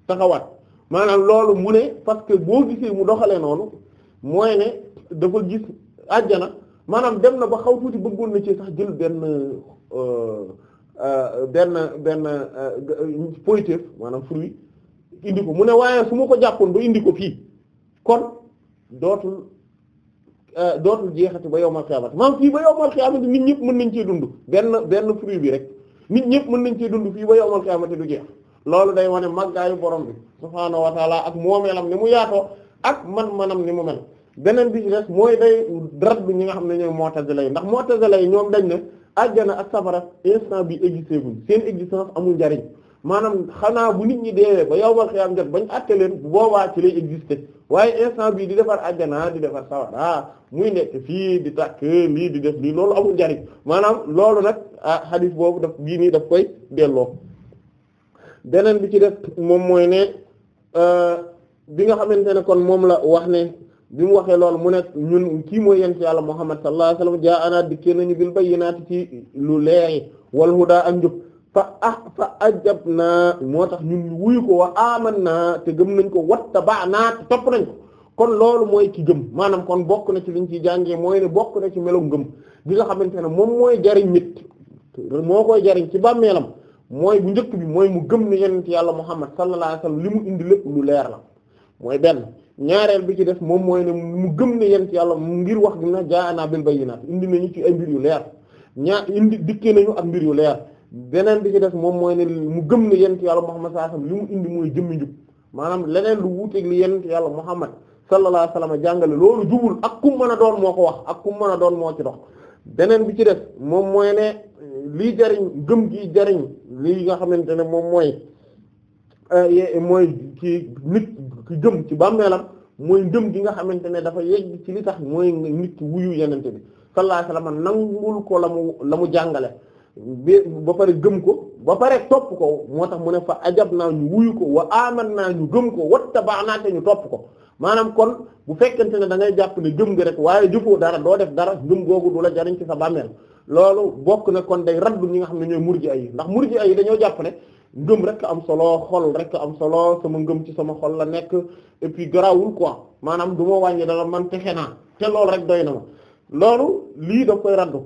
taxawaat maanaam loolu mu ne parce que boo gisee mu doxalee noonu mooy ne dafa gis àjjana maanaam dem na ba xaw tuuti ba bëggoon na ci sax jël benn euh, euh, benn benn euh, poytéef maanaam fruit indi ko mu ne waaye su ma ko jàppoon ba indi ko fii kon dootul Euh, dootul jeexati ba yowmal xiyaamati maanaam fii ba yowmal xiyaamati nit ñëpp mën nañ cee dund benn benn fruit bi rek nit ñëpp mën nañ cee dund fii ba yowmal xiyaamati du jeex loolu day wane màggaayu borom bi subhaanahu wa taala ak moomeelam ni mu yaatoo ak man-manam ni mu mel beneen bi ci mooy day drat bi ñi nga xam ne ñooy mu'tazila yi ndax mu'tazila yi ñoom dañ ne àjjana ak safara instant bi existé guñ seen existence amul njariñ maanaam xanaa bu nit ñi deewee ba yawmal xiyaam jot bañ àtte leen bu boobaa ci lay exister waaye instant bii di defar ajjana di defar sawara muy nekk fii di tàkk lii di def lii loolu amul njariñ maanaam loolu nag ah xadiis boobu def bii nii daf koy delloo beneen bi ci def moom mooy ne euh, bi nga xamante ne kon moom la wax ne bi mu waxee loolu mu nekk ñun kii mooy yent yàlla Muhammad sallallahu alayhi wasallam jaa ana dikkee nañu bil bayyinaati ci lu leeri wal huda ak njub fa ah fa ajab naa moo tax ñun wuyu ko wa aman naa te gëm nañ ko watta baa naa te topp nañ ko kon loolu mooy ci gëm maanaam kon bokk na ci liñ ci jàngee mooy ne na ci melo ngëm bi nga xamante ne moom mooy jariñ nit moo koy jariñ ci bàmmeelam mooy bu njëkk bi mooy mu gëm ne yonent yàlla Muhammad sallallahu alayhi wasallam li mu indi lépp lu leer la mooy benn ñaareel bi ci def moom mooy gëm ne yonent yàlla ngir wax dina jaanaa bil bayyinaat indi nañu ci ay mbir yu leer ñaa indi dikkee nañu ak mbir yu leer beneen bi ci def moom mooy ne mu gëm ne yent yàlla Muhammad sallallahu alayhi wasallam li mu indi mooy jëmmi njub maanaam leneen lu wuuteeg li yent yàlla Muhammad sallallahu alayhi wasallam jàngale loolu jubul ak kum mën a doon moo ko wax ak kum mën a doon moo ci dox beneen bi ci def moom mooy ne eh, lii jariñ gëm gi jariñ lii nga xamante ne moom mooy eh, mooy ci nit ki gëm ci bàmmeelam mooy ngëm gi nga xamante ne dafa yegg ci li tax mooy nit ki wuyu yenente bi sallallahu alayhi wasallam nangul ko la mu la mu jàngale ba pare gëm ko ba pare topp ko moo tax mu ne fa ajab naa ñu wuyu ko wa aman naa ñu gëm ko naa te ñu topp ko maanaam kon bu fekkente ne dangay ngay jàpp ne gëm nga rek waaye jëfoo dara doo def dara gëm googu du la jariñ ci sa bàmmeel loolu bokk na kon day raddu ñi nga xam ne ñooy murji ay ndax murji ay dañoo jàpp ne ngëm am solo xol rek am solo sama gëm ci sama xol la nekk et garaawul garawul maanaam du ma wàññi dara man texe naa te loolu rek doy na ma loolu lii daf koy raddu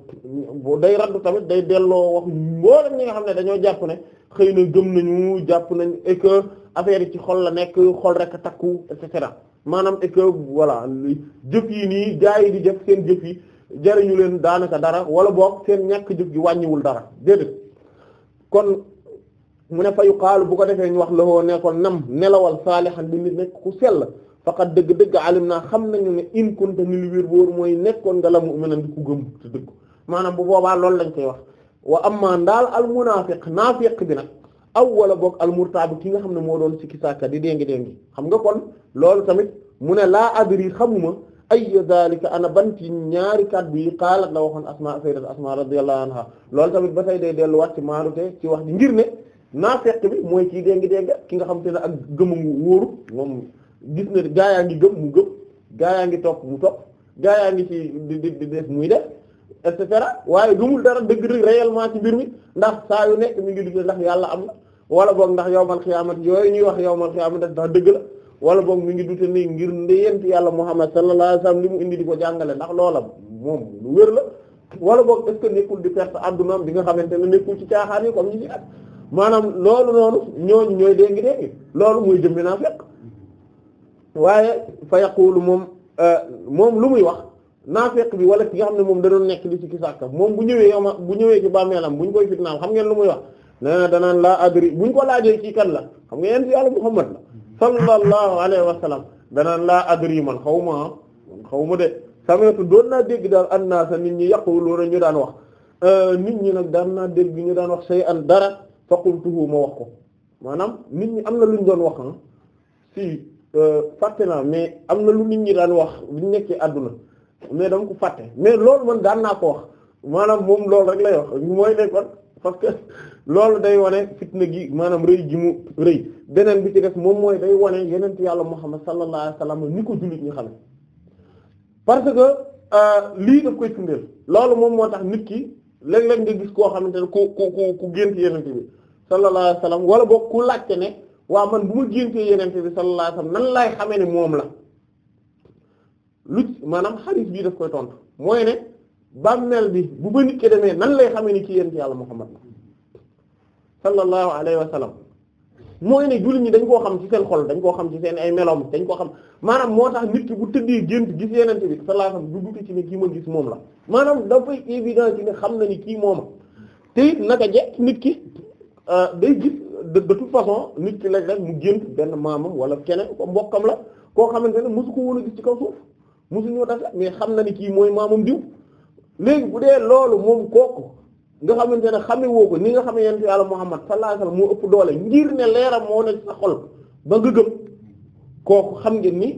day raddu tamit day delloo wax mboolem ñi nga xam ne dañoo jàpp ne xëy na gëm nañu jàpp nañ et que yi ci xol la nekk xol rek takku et maanaam et que voilà jëf yi nii gaa yi di jëf seen jëf yi jariñu leen daanaka dara wala boo seen ñàkk jëf gi wàññiwul dara déedéet kon mu ne fayu xaalu bu ko defee ñu wax la woo ne ko nam nelawal saalihan xam nit nekk ku sell faqad dëgg-dëgg alim naa xam nañu ne in kunta nil wér bóoru mooy nekkoon nga la mu'minan a ku gëm te dëgg maanaam bu boobaa loolu lañ koy wax wa amma ndaal al naa naafiq bi nag aw wala boog al murtaab ki nga xam ne moo doon sikki sàkka di déngi déngi xam nga kon loolu tamit mu ne laa adri xamuma ay daalika ana banti ñaari kàddu yi xaalat la waxoon asma sayyidat asma radiyallahu anha loolu tamit ba tey day delluwaat ci maanute ci wax ji ngir ne naafeq mooy kii déngi dénga ki nga xam te ne ak gëmamu wóoru moom gis na gaa yaa ngi gëm mu gëm gaa yaa ngi topp mu topp gaa yaa ngi ci di di di def muy def et cetera waaye gëmul dara dëgg dëgg réellement ci mbir mi ndax saa yu nekk mu ngi dugg ndax yàlla am na wala boog ndax yawmal xiyaamati yooyu ñuy wax yawmal xiyaamati ndax dëgg la wala boog mi ngi dute ni ngir ndeyent yàlla Muhammad sallallahu alayhi wasallam li mu indi di ko jàngale ndax loola moom lu wér la wala boog est ce que nekkul di perte am bi nga xamante ne nekkul ci caaxaan yi comme ñi maanaam loolu noonu ñooñu ñooy dégg-dégg loolu muy jëmmi naa fekk waaye fa yaqulu moom euh, moom lu muy wax naafeq bi wala ki nga xam ne moom da doon nekk li ci kisàkka moom bu ñëwee ama bu ñëwee ci bàmmeelam bu ñu koy fitnaam xam ngeen lu muy wax nee na danaan laa adri bu ñu ko laajee ci kan la xam nga yeen ci yàlla Muhammad la sallallahu alayhi wa sallam danaan laa adri man xaw ma xaw ma de sametu doon naa dégg daal annaasa nit ñi yaquluuna ñu daan wax euh, nit ñi nag daan naa dégg ñu daan wax shay'an dara faqultuhu ma wax ko maanaam nit ñi am na lu ñu doon wax ah, si Euh, fàtte naa mais am na lu nit ñi daan wax biñu nekkee àdduna mais dama ko fàtte mais loolu man daan naa ko wax maanaam moom loolu rek lay wax mooy ne kon parce que loolu day wane fitna gi maanaam rëy gi mu rëy beneen bi ci def moom mooy day wane yeneen yàlla Muhammad sallallahu alayhi wasallam ni ko jullit ñu xam parce que euh, lii daf koy tundeel loolu moom moo tax nit ki léeg-léeg nga gis koo xamante ne ku ku ku ku gént yeneen bi sallallahu alayhi wasallam wala boog waaw man bu ma géntee yenente bi sallallahu alayhi wasallam nan laay xamee ne moom la lu maanaam xarit bii daf koy tontu mooy ne bàmmeel bi bu ba nit ki demee nan lay xamee ni ci yent yàlla Muhammad la sallallahu alayhi wa sallam mooy ne jullit ñi dañ koo xam ci seen xol dañ koo xam ci seen ay meloom dañ koo xam maanaam moo tax nit ki bu tëddee gént gis yeneen bi sallallahu alayhi wa sallam du dugg ci ne kii ma gis moom la maanaam dafay évident ci ne xam na ni kii mooma te it naka nit ki Euh, day gis de de façon nit ki léeg de mu gént benn maamam wala keneen mbokkam la koo xamante ne mosu ko woon a gis ci kaw suuf mosu ñoo def mais xam na ni kii mooy maamam diw léegi bu dee loolu moom kooku nga xamante ne xame woo ko ni nga xame yent yàlla Muhammad sallallahu alayhi wasallam ëpp doole ngir ne leeram moo nekk sa xol ba nga kooku xam ngeen ni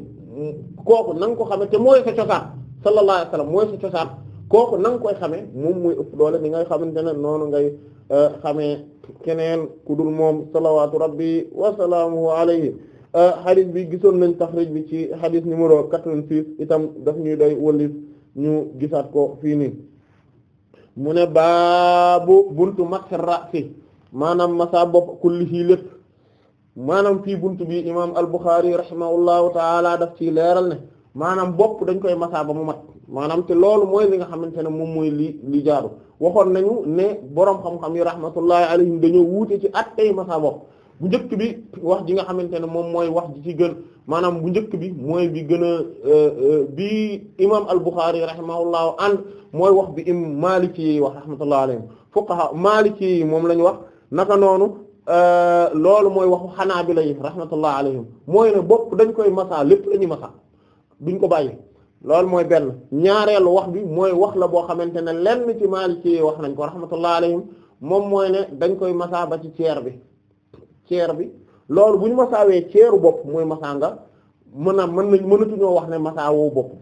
kooku na nga ko xamante mooy sa cosaan sallallahu alayhi mooy sa cosaan kooku na nga koy xamee moom mooy ëpp doole ni ngay xamante ne noonu ngay euh, xamee keneen ku dul moom salawaatu rabbi wasalaamuhu alayhi hadith euh, bi gisoon nañ taxrij bi ci hadith numéro quatre vingt itam daf ñuy doy wallis ñu gisaat ko fii nii mu ne baabu buntu masxi ra'si maanaam masaa bopp kullihi lépp maanaam fii buntu bi imam al-Bukhari rahimahullahu taala daf ci leeral ne maanaam bopp dañ koy masa ba mu mat maanaam te loolu mooy li nga xamante ne moom mooy li li jaaru waxoon nañu ne borom xam-xam yi rahmatullahi alayhim dañoo wuute ci at tey masa bopp bu njëkk bi wax ji nga xamante ne moom mooy wax ji ci gën maanaam bu njëkk bi mooy bi gën a euh, euh, bi imam al-Bukhari rahimahullahu and mooy wax bi im maliki yi wax rahmatullahi alayhim fuqaha maliki yi moom la ñu wax naka noonu euh, loolu mooy waxu xanaabila yi rahmatullahi alayhim mooy ne bopp dañ koy masa lépp la ñuy masa ko bàyyi loolu mooy benn ñaareelu wax bi mooy wax la boo xamante ne lenn ci Maliki wax nañ ko rahmatullah alayhim moom mooy ne dañ koy masaa ba ci ceer bi ceer bi loolu bu ñu masaawee ceeru bopp mooy masaa nga mën a mën nañ wax ne masaa woo bopp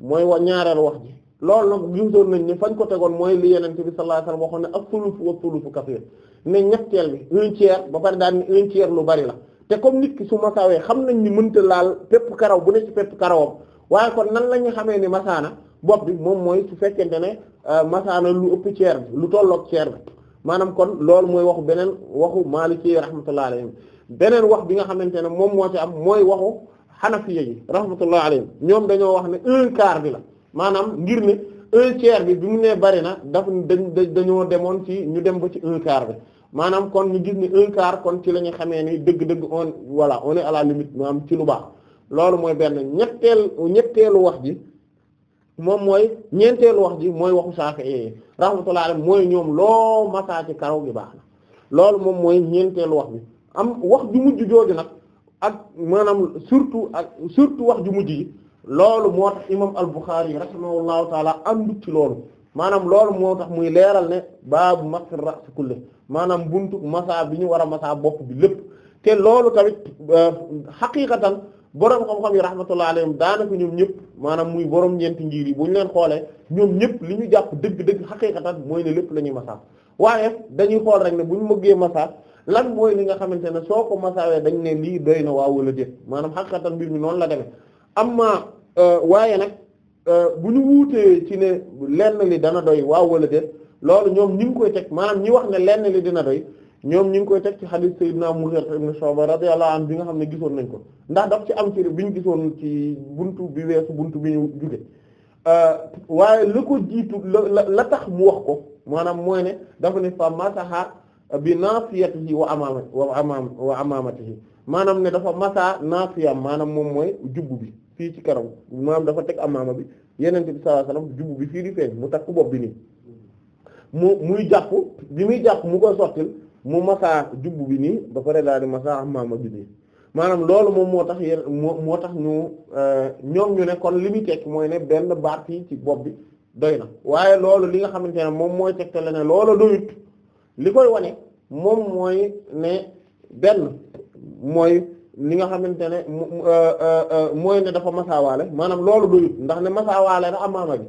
mooy wa ñaareelu wax ji loolu nag gisoon nañ ni fañ ko tegoon mooy li yeneen bi sallallahu alayhi wasallam waxoon ne as-sulus wa as-sulusu ne ñetteel bi un tiers ba bari daal un tiers lu bari la te comme nit ki su masaawee xam nañ ni mënta laal pépp karaw bu ne ci pépp karawam waaye kon nan la ñu xamee ni masaana bopp bi moom mooy su fekkente ne euh, masaana lu ëpp ceer bi lu tollook ceer bi maanaam kon loolu mooy waxu beneen waxu Maliki rahmatullah alayhim beneen wax bi nga xamante ne moom moo ci am mooy waxu Hanafiya yi rahmatullah alayhim ñoom dañoo wax ne un quart bi la maanaam ngir ne un tiers bi bi mu nee bari na daf dañ dañoo demoon ci ñu dem ba ci un quart bi maanaam kon ñu gis ni un quart kon ci la ñu xamee ni dëgg-dëgg on voilà on est à la ci lu baax loolu mooy benn ñetteel ñetteelu wax ji moom mooy ñeenteelu wax ji mooy waxu Shafi'i rahmatullahi alayhi mooy ñoom loo masaa ci karaw gi baax na loolu moom mooy ñeenteelu wax bi am wax ju mujj jooju nag ak maanaam surtout ak surtout wax ju mujj yi loolu moo tax imam al-Bukhari rahimahullahu taala àndut ci loolu maanaam loolu moo tax muy leeral ne baabu masr ra's kulli maanaam buntu masaa bi ñu war a masaa bopp bi lépp te loolu tamit euh, xaqiiqatan boroom xam-xam yi rahmatullah alayhim daanaka ñoom ñëpp maanaam muy boroom ñeenti njiir yi bu ñu leen xoolee ñoom ñëpp li ñu jàpp dëgg-dëgg xaqiiqatan mooy ni lépp la ñuy masaa waaye dañuy xool rek ne bu ñu mëggee masaa lan mooy li nga xamante ne soo ko masaawee dañ ne lii doy na waaw wala déet maanaam xaqiiqatan mbir mi noonu la am ma euh, waaye nag euh, bu ñu wuutee ci ne lenn li dana doy waaw wala déet loolu ñoom ñu koy teg maanaam ñi wax ne lenn li dina doy ñoom ñu ngi koy teg ci hadith Seydina Mughira ibn Shu'ba radiyallahu anhu bi nga xam ne gisoon nañ ko ndax daf ci am ci bi ñu gisoon ci buntu bi weesu buntu bi ñu juge euh, waaye la ko jiitu la la tax mu wax ko maanaam mooy ne dafa ne fa masaha bi naasiyatihi wa amaama wa amaam wa maanaam ne dafa masaa naasiyam maanaam moom mooy jubb bi fii ci karam maam dafa teg amaama bi yeneen bi sallallahu alayhi bi fii di feeñ mu takk bopp bi nii mu muy jàpp bi muy jàpp mu koy sottil mu masaa jubbu bi nii ba pare daal di masaa amaama bi nii maanaam loolu moom moo tax yéen moo moo tax ñu euh, ñoom ñu ne kon li muy tekki mooy ne benn baat yi ci bopp bi doy na waaye loolu li nga xamante ne moom mooy tegtale ne loolu doyut li koy wane moom mooy ne benn mooy li nga xamante ne euh, euh, mooy ne dafa masaawaale maanaam loolu doyut ndax ne masaa waale na am amaama bi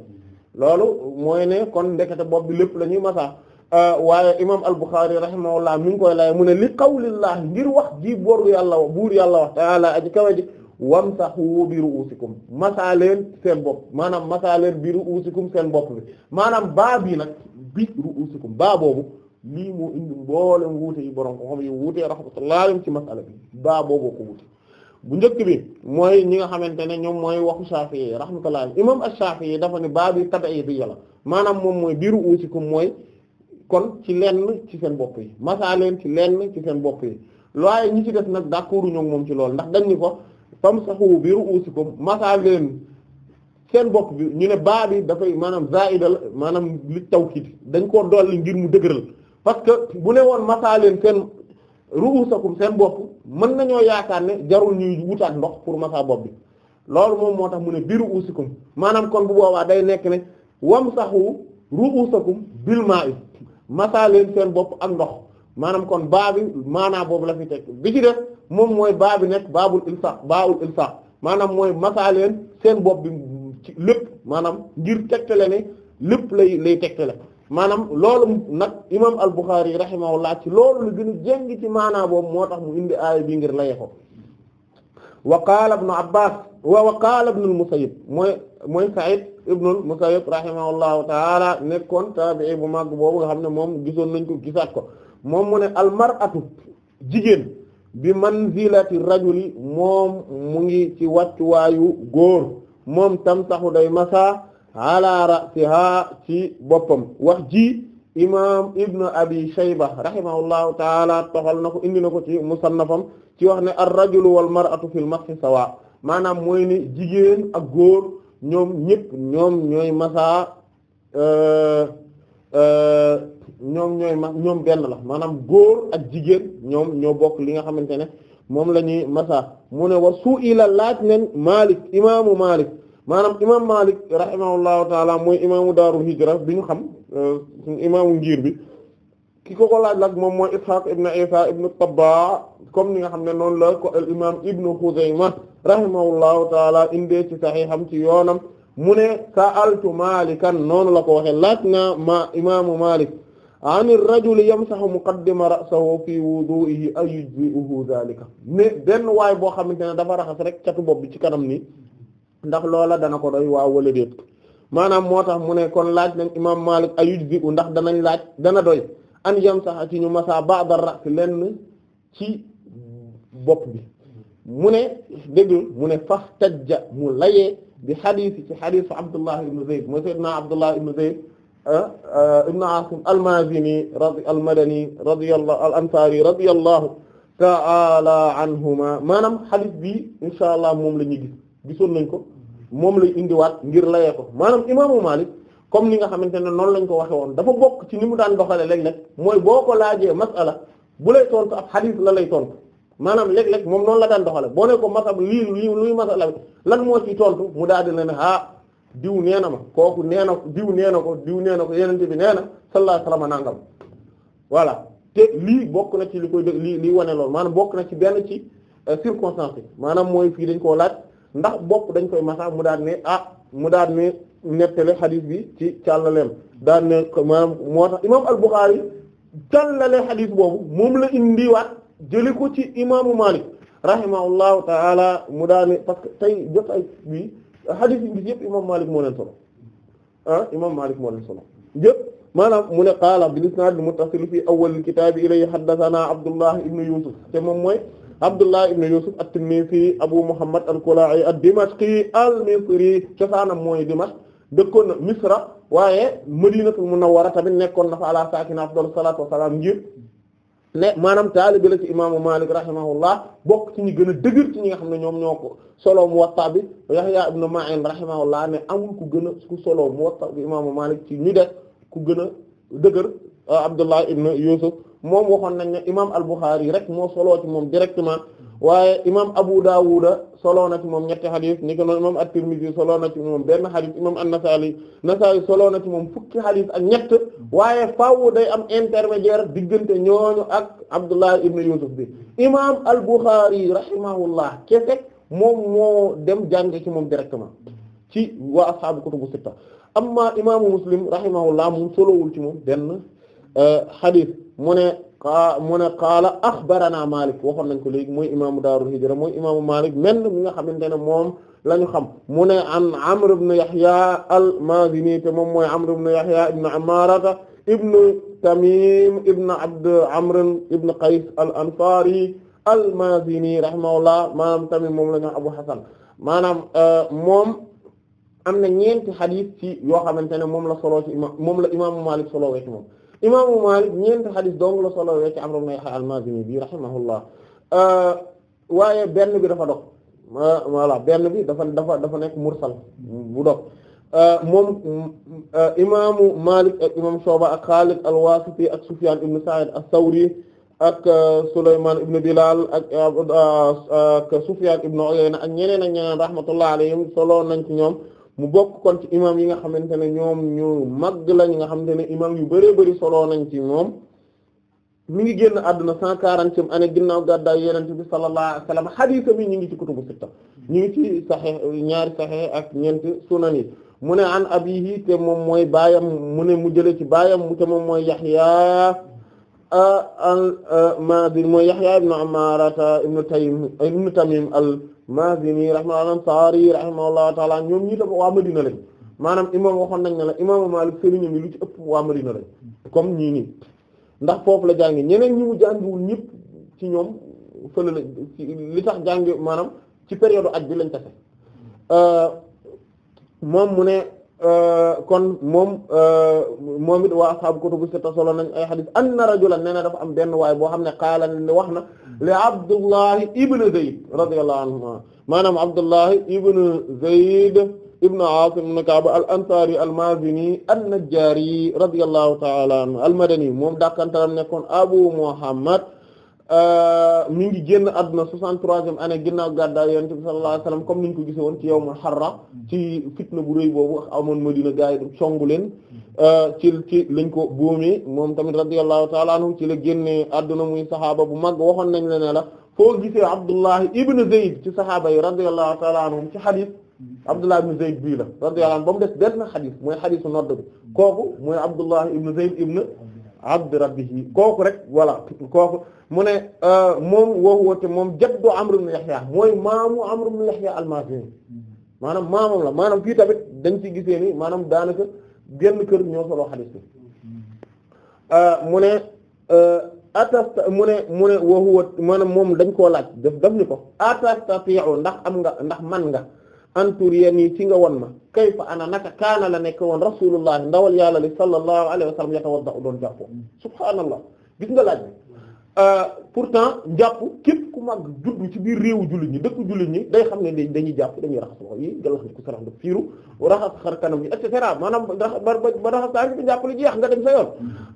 loolu mooy ne kon ndekete bopp bi lépp lañuy ñuy masaa Euh, waaye imaam al-Bukhari rahimahullah mi ngi koy lay mu ne li qawlillah ngir wax ji boru yàlla wa buur yàlla kawa ta'ala aji kawe ji wamsahu bi ru'usikum masaaleen seen bopp maanaam masaaleen bi ru'usikum seen bopp bi maanaam baa bii nag bi ru'usikum baa boobu lii moo indi mboolem wuute yi borom ko wuute rahmatullahi alayhim ci masala bi baa ko wuute bu njëkk bi mooy ni nga xamante ne ñoom mooy waxu Shafi'i rahmatullahi imam ash-Shafi'i dafa ne baa bi tabi'i bi yàlla maanaam moom mooy bi ru'usikum mooy kon ci lenn ci seen bopp yi masaa leen ci lenn ci seen bopp yi waaye ñi ci des nag d'accord ñoo moom ci loolu ndax dañ ni ko famsahu bi ru'usikum masaa leen seen bopp bi ñu ne baa bi dafay maanaam zaida la maanaam li tawkiid dañ koo dolli ngir mu dëgëral parce que bu ne woon masaa leen seen ru'usakum seen bopp mën nañoo yaakaar ne jarul ñuy wutaat ndox pour masaa bopp bi loolu moom moo tax mu ne bi ru'usikum maanaam kon bu boobaa day nekk ne wamsahu ru'usakum bil maa'i masaa leen seen bopp ak ndox maanaam kon baa bi maanaa boobu la fi teg bi ci def moom mooy baa bi nekk baabul ilsaq baabul ilsaq maanaam mooy masaa leen seen bopp bi ci lépp maanaam ngir tegtale ne lépp lay lay tegtale maanaam loolu nag imaam al-Bukhari rahimahullah ci loolu lu gën a jéng ci maanaa boobu moo tax mu indi aaya bi ngir laye ko wa qaala ibnu Abbaas wa wa qaala ibnu al mooy mooy ibnul Musayyib rahimahullahu taala nekkoon taabi'i bu màgg boobu nga xam ne moom gisoon nañ ko gisaat ko moom mu ne almar'atu jigéen bi manzilati rajuli moom mu ngi ci wàccuwaayu góor moom tam taxu day masa ala ra'siha ci boppam wax ji imam ibnu abi shayba rahimahullahu taala toxal na ko indi na ko ci musannafam ci wax ne ar rajulu wal sawa maanaam mooy jigéen ak góor ñoom ñëpp ñoom ñooy masaa euh, euh, ñoom ñooy ma ñoom benn la maanaam góor ak jigéen ñoom ñoo bokk li nga xamante ne moom la ñuy masa mu ne wa su ila laaj nen Malik imaamu Malik maanaam imam Malik rahimahullahu taala mooy imaamu daarul hijra bi ñu xam euh, imaamu ngir bi ki ko ko laaj nag moom mooy Ishaq ibn Isa ibn Tabba comme ni nga xam ne noonu la ko al imaam Ibn Khuzaymah rahimahullahu taala indee ci saxiixam ci yoonam mu ne sa'altu Malikan noonu la ko waxe laaj na ma imaamu Malik an ar-rajul yamsahu muqaddima ra'sihi fi wudu'ihi ayujzi'uhu zaalika ne benn waay boo xamante ne dafa raxas rek catu bopp bi ci kanam ni ndax loola dana ko doy waa wala maanaam moo tax mu ne kon laaj nañ imaam Malik ayujzi'u ndax danañ laaj dana doy. an yamsaxa ci ñu masa ba'da ra's lenn ci bopp bi mu ne déggul mu ne fax tajja mu layee bi xadiis ci xadiis Abdullah ibn Zayd mooy sayyidina Abdullah ibn Zayd ah, ah, ibn Asim al-Mazini al-Madani radiyallahu al-Ansari radiyallahu ta'ala anhuma maanaam xadiis bi insha allah moom la ñuy gis gisoon nañ ko moom lay indiwaat ngir layee ko maanaam imaamu Maalik comme ni nga xamante ne noonu lañ ko waxe woon dafa bokk ci ni mu daan doxale léeg-léeg mooy boo ko laajee masala bu lay tontu ab xadiis la lay tontu maanaam léeg-léeg moom noonu la daan doxale boo ne ko masab lii lii luy masala bi lan moo ciy tontu mu daal di leen ah diw nee na ma kooku nee na diw nee na ko diw nee na ko yenente bi nee na sallallahu alayhi wasallam nangam voilà te lii bokk na ci li koy lii lii wane loolu maanaam bokk na ci benn ci euh, circonstance yi maanaam mooy fii dañ koo laaj ndax bopp dañ koy masa mu daal ne ah mu daal ne nettale xadis bi ci càllaleem daan ne maanaam moo tax imaam al-Bukhari càllale xadis boobu moom la indiwaat jëli ko ci imaamu Malik rahimahullahu taala mu daane parce que tey jotaay bi xadis bi yëpp imaam Malik moo leen solo ah imaam Malik moo leen solo yëpp maanaam mu ne qaala bil isnaad muttasil fi awwal kitaab ilayhi haddathana Abdullah ibn Yusuf te moom mooy Abdullah ibn Yusuf at-Tinnisi Abu Muhammad al-Kala'i ad-Dimashqi al-Misri cosaanam mooy Dimashq dëkkoon na Misra waaye Madinatul Munawwara tamit nekkoon na fa ala saakina afdalu salaatu wassalaam ngir ne maanaam taalibe la ci imaamu Maalik rahimahullah bokk ci ñi gën a dëgër ñi nga xam ne ñoom ñoo ko solo Muwatta bi Yahya ibn Ma'in rahimahullah ne amul ku gën a ku solo Muwatta bi imaamu Maalik ci ñu def ku gën dëgër Abdullah ibn Yusuf moom waxoon nañ ne imaam al-Bukhari rek moo solo ci moom directement waaye imam Abu Dawud solo na moom ñetti xadis ni ko noonu imam At-Tirmidhi solo na ci moom benn xadis imam An-Nasa'i Nasa'i solo na moom fukki xadis ak ñett waaye faaw day am intermédiaire diggante ñooñu ak Abdullah ibn Yusuf bi imam Al-Bukhari rahimahullah kese moom moo dem jànge ci moom directement ci waa ashaabu kutubu sitta amma imaamu Muslim rahimahullah moom solowul ci moom benn euh, xadis a mu ne qaala axbarana Malik waxoon nañ ko léegi mooy imaamu daarul hijra mooy imaamu Malik men mi nga xamante ne moom la ñu xam mu ne an Amr ibn Yahya al-Mazini te moom mooy Amr ibn Yahya ibn Ammarata ibn Tamim ibn Abd Amr ibn Qays al-Ansari al-Mazini rahimahullah maanaam Tamim moom la ñu wax Abu Hasan maanaam euh, moom am na ñeenti xadiis ci yoo xamante ne moom la solo ci imam moom la imaamu Malik solo wee ci moom imaamu Maalik ñeenti xadis dong la solo wee ci Amr ibn Yahya al-Maazini bi rahimahullah euh, waaye benn bi dafa dox voilà benn bi dafa dafa dafa nekk mursal bu dox euh, moom euh, imaamu Maalik ak imaam Shu'ba ak Xaalid al-Waasiti ak Sufyaan ibn Sa'iid as-Sawri ak Sulaymaan ibn Bilaal ak ak Sufyaan ibn ak ñeneen ak ñeneen rahmatullah alayhim solo nañ ci ñoom. mu bokk kon ci imam yi nga xamante ne ñoom ñu mag la ñi nga xamante ne imam yu bëree bëri soloo nañ ci moom mi ngi génn àdduna cent quarantième année ginnaaw gàddaay yenente bi sallallahu alayhi wasallam xadiisa bi ñu ngi ci kutubu sitta ñu ngi ci saxe ñaari saxeex ak ñeenti sunan yi mu ne an abihi te moom mooy baayam mu ne mu jële ci baayam mu te moom mooy Yaxya al-Maazini mooy Yahya ibn Ammaarata ibn Taym ibn Tamim al-Maazini rahimahullah al-Ansaari rahimahullahu ta'ala ñoom ñi tam waa Madina lañ maanaam imaam waxoon nañ ne la imaamu Maalik sëriñ mi lu ci ëpp waa Madina lañ comme ñii nii ndax foofu la jànge ñeneen ñi mu jàngiwul ñëpp ci ñoom fële la li tax jànge maanaam ci période aj bi lañ tase euh, moom mu ne Euh, kon moom euh, moom it waa ashaabu kutubu sitta solo nañ ay xadis anna rajulan nee na dafa am benn waay boo xam ne qaala ne wax na li Abdullahi Ibn Zayd radiyallahu anhuma maanaam Abdullahi Ibn Zayd Ibn Aasim ibn Ka'b al-Ansaari al-Maazini an-Najjaari radiyallahu ta'ala anhu al-Madani moom dàqantaram nekkoon Abu Muhammad Euh, mi ngi génn àdduna 63e année ginnaaw gàddaay yonent bi sallallahu alayhi wasallam comme niñ ko gise woon ci yawmul harra ci fitna bu rëy boobu wax amoon Madina gaa yi songu leen euh, ci ci lañ ko boomee moom tamit radiyallahu ta'ala anhu ci la génnee àdduna muy saxaaba bu mag waxoon nañ la ne la foo gisee Abdullahi ibn Zayd ci saxaaba yi radiyallahu ta'ala anhum ci xadis Abdullah ibn Zayd bii la radiyallahu anhu ba mu des benn xadis mooy xadisu nodd bi kooku mooy Abdullahi ibn Zayd ibn abdi rabbihi kooku rek voilà kooku mu ne euh, moom woowu te moom jaddu Amr ibn Yahya mooy maamu Amr ibn Yahya al-Mazini maanaam maamam la maanaam fii tamit dañ ci gisee ni maanaam daanaka genn kër ñoo solo xadis bi euh, mu ne euh, atasta mu ne mu ne wa huwa maanaam moom dañ koo laaj daf daf ni ko atastati'u ndax am nga ndax man nga antur yen yi ci nga won ma kayfa ana naka kaana la nekk woon rasulullah ndawal yàlla li sallallahu alayhi wa sallam yatawadda doon jàppoo subhaanallah gis nga laaj bi Euh, pourtant njàpp képp ku mag juddu ci biir réewu jullit ñi dëkk jullit ñi day xam ne dañuy jàpp dañuy raxas loxo yi nga wax ni ko sarax def fiiru raxas yi et cetera maanaam ba raxas saa yi ba njàpp li jeex nga dem sa yoon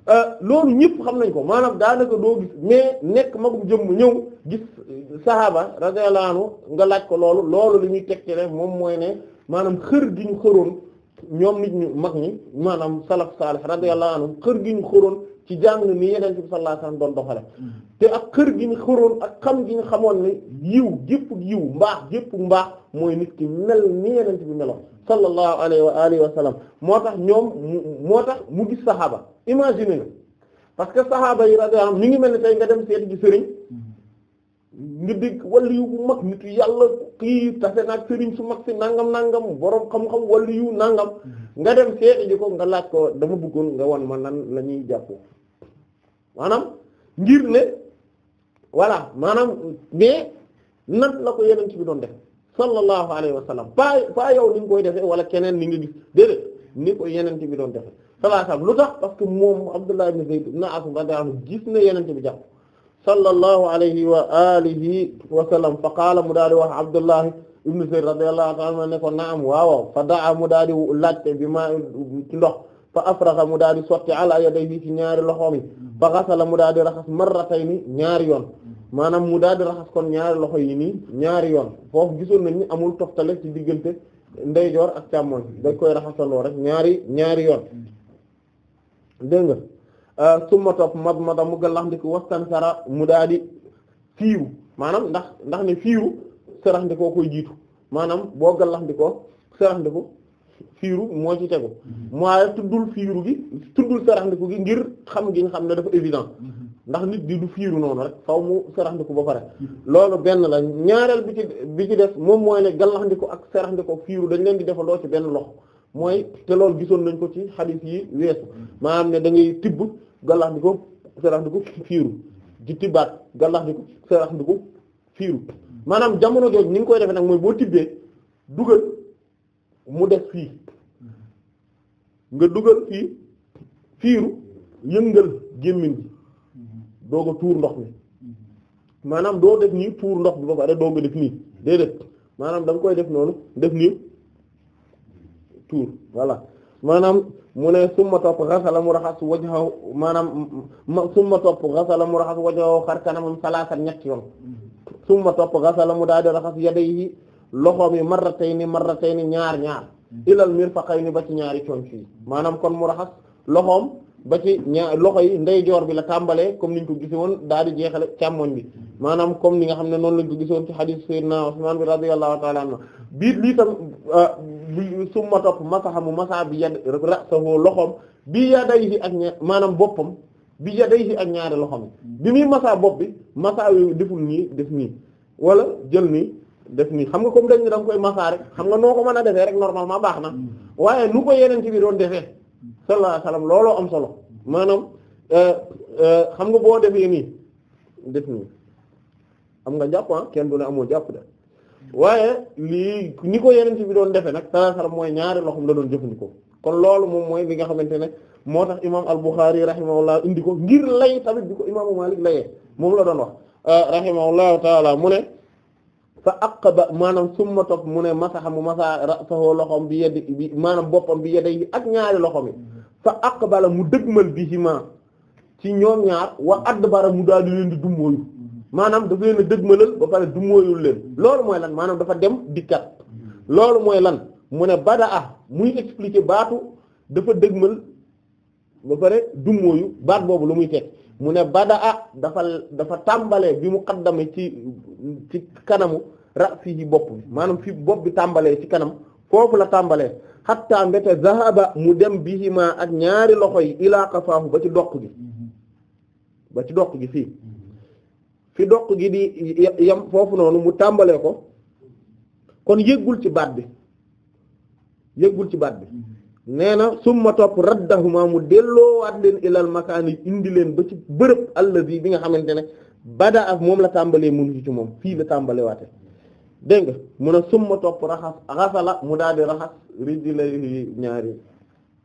euh, loolu ñëpp xam nañ ko maanaam daanaka doo gis mais nekk magum jëmm ñëw gis euh, sahaaba radiyallahu anhu nga laaj ko loolu loolu li ñuy teg rek moom mooy ne maanaam xër gi ñu xëroon ñoom nit ñu mag ñi maanaam salaf salih radiyallahu anhu xër gi ñu xëroon ci jàng ni yeneen bi sallallahu alayhi wasallam doon doxale te ak xër gi ñu xëroon ak xam gi ñu xamoon ne yiw gépp yiw mbaax gépp mbaax mooy nit ki mel ni yeneen bi melo sallallahu alayhi wa alihi wa moo tax ñoom moo tax mu gis saxaaba imagine nga parce que saxaaba yi radiyallahu am mi ngi mel ni tey nga dem seet gi sëriñ nga dégg wàllu yu bu mag nit yàlla kii tase naag sëriñ su mag si nangam nangam borom xam-xam wàllu yu nangam mm-hmm. nga dem seet ji ko nga laaj ko bëggoon nga wan ma nan la ñuy jàppoo maanaam ngir ne voilà maanaam mais la ko yeneen ci bi doon def sallallahu alayhi wa sallam pa pas koy defe wala keneen ni nga gis déedéet ni ko yeneen ci bi doon defee sallallahu alayhi lu tax que moom Abdullah ibn Zayd ibn Asim radiyallahu anhu gis na yeneen ci bi jàpp sallallahu alayhi wa alihi wa fa qaala mu daal di wax Abdullah ibn Zayd radiyallahu anhu ne ko naam waaw waaw fa daa mu daal di laajte bi maa ci ndox fa afraxa mu daal di sotti ala yadayhi ci ñaari loxoom yi fa xasala mu daal di raxas marratayni ñaari yoon maanaam mu daal di raxas kon ñaari loxo yi nii ñaari yoon foofu gisoon nañ ni amul toftale ci diggante ndeyjoor ak càmmoñ dañ koy raxasandoo rek ñaari ñaari yoon dégg nga euh, summa topp mad mada mu galax ndiko sara mu daal di fiiru maanaam ndax ndax ne fiiru sarax ndikoo koy jiitu maanaam boo galax ndikoo sarax ndiko fiiru moo ci tegu mooy tuddul fiiru gi tuddul saraxndiku gi ngir xam gi nga xam ne dafa évident ndax nit di du fiiru noonu rek faw mu saraxndiku ba pare loolu benn la ñaareel bi ci bi ci def moom mooy ne gallaxndiku ak saraxndiku ak fiiru dañ leen di defandoo ci benn loxo mooy te loolu gisoon nañ ko ci xadiis yi weesu maanaam ne da ngay tibb gallaxndiku saraxndiku fiiru di tibbaat gallaxndiku saraxndiku fiiru maanaam jamono jooju ni nga koy defee nag mooy boo tibbee dugal mu def fii nga dugal fii fiiru yëngal gémmiñ gi doog tuur ndox mi maanaam doo def nii tuur ndox bi ba pare doog a def nii déedéet maanaam danga koy def noonu def nii tuur voilà maanaam mu ne summa topp xasala mu raxas wajhahu maanaam summa topp xasala mu raxas wajhahu xar kanamam salaasan ñetti yoon summa topp xasala mu daal di raxas yadayhi loxoom yi marratayni marratayni ñaar ñaar mm-hmm. ilal mirfaqayni ba ci ñaari conc yi maanaam kon mu raxas loxoom ba ci ñaar loxo yi ndeyjoor bi la tàmbalee comme niñ ko gise woon daal di jeexale càmmoñ bi maanaam comme ni nga xam ne noonu lañ ko gise woon ci hadith sayyidina Usman bi radiyallahu ta'ala anhu biit lii tam euh, summa topp masaha mu masaha bi yad ra'sahu loxoom bi yadayhi ak ña maanaam boppam bi yadayhi ak ñaari loxoom bi muy masaa bopp bi masaa wi deful nii def nii walla jël nii def nii xam nga comme dañ ne da nga koy massa rek xam nga noo ko mën a defee rek normalement baax na mm. waaye nu ko yeneen ci bi doon defee sallallahu alayhi looloo am solo maanaam euh, euh, xam nga boo defee nii def nii am nga jàpp ah, kenn du ne amoo jàpp de waaye lii ni ko yeneen ci bi doon defee nag sallallahu mooy ñaari loxoom la doon jëfandikoo kon loolu moom mooy li nga xamante ne moo tax imaam al-Bukhari rahimahullah indi ko ngir lay tamit bi ko imaamu Malik layee moom la doon wax euh, rahimahullahu taala mu ne. fa ba maanaam summa topp mu ne masaxa mu masaa ra'sahu loxoom bi yedd bi maanaam boppam bi yedde yi ak ñaari loxoom yi fa aqbala mu dëgmal bi ci ci ñoom ñaar wa adbara mu daal di leen di dummóoyu maanaam dafa leen a dëgmalal ba pare dummóoyul leen loolu mooy lan maanaam dafa dem dikkat loolu mooy lan mu ne bada ah muy expliquer baatu dafa dëgmal ba pare dummóoyu baat boobu lu muy teg mu ne a ah dafa dafa tàmbalee bi mu xaddame ci ci kanamu ra'sihi bopp bi maanaam fi bopp bi tàmbalee ci kanam foofu la tàmbalee xatta mbete zahaba mu dem bihima ak ñaari loxo yi ilaa qafaahu ba ci doq gi ba ci doq gi fii fi doq gi di yam foofu noonu mu tàmbalee ko kon yëggul ci baat bi yëggul ci baat bi nee na summa topp raddahuma mu waat leen ilal makaani indi leen ba ci bërëb allazi bi nga xamante ne bada ak moom la tàmbalee mun moom fii la tàmbale waate dégg nga mun a summa topp raxas xasala mu daal di raxas rijlayhi ñaari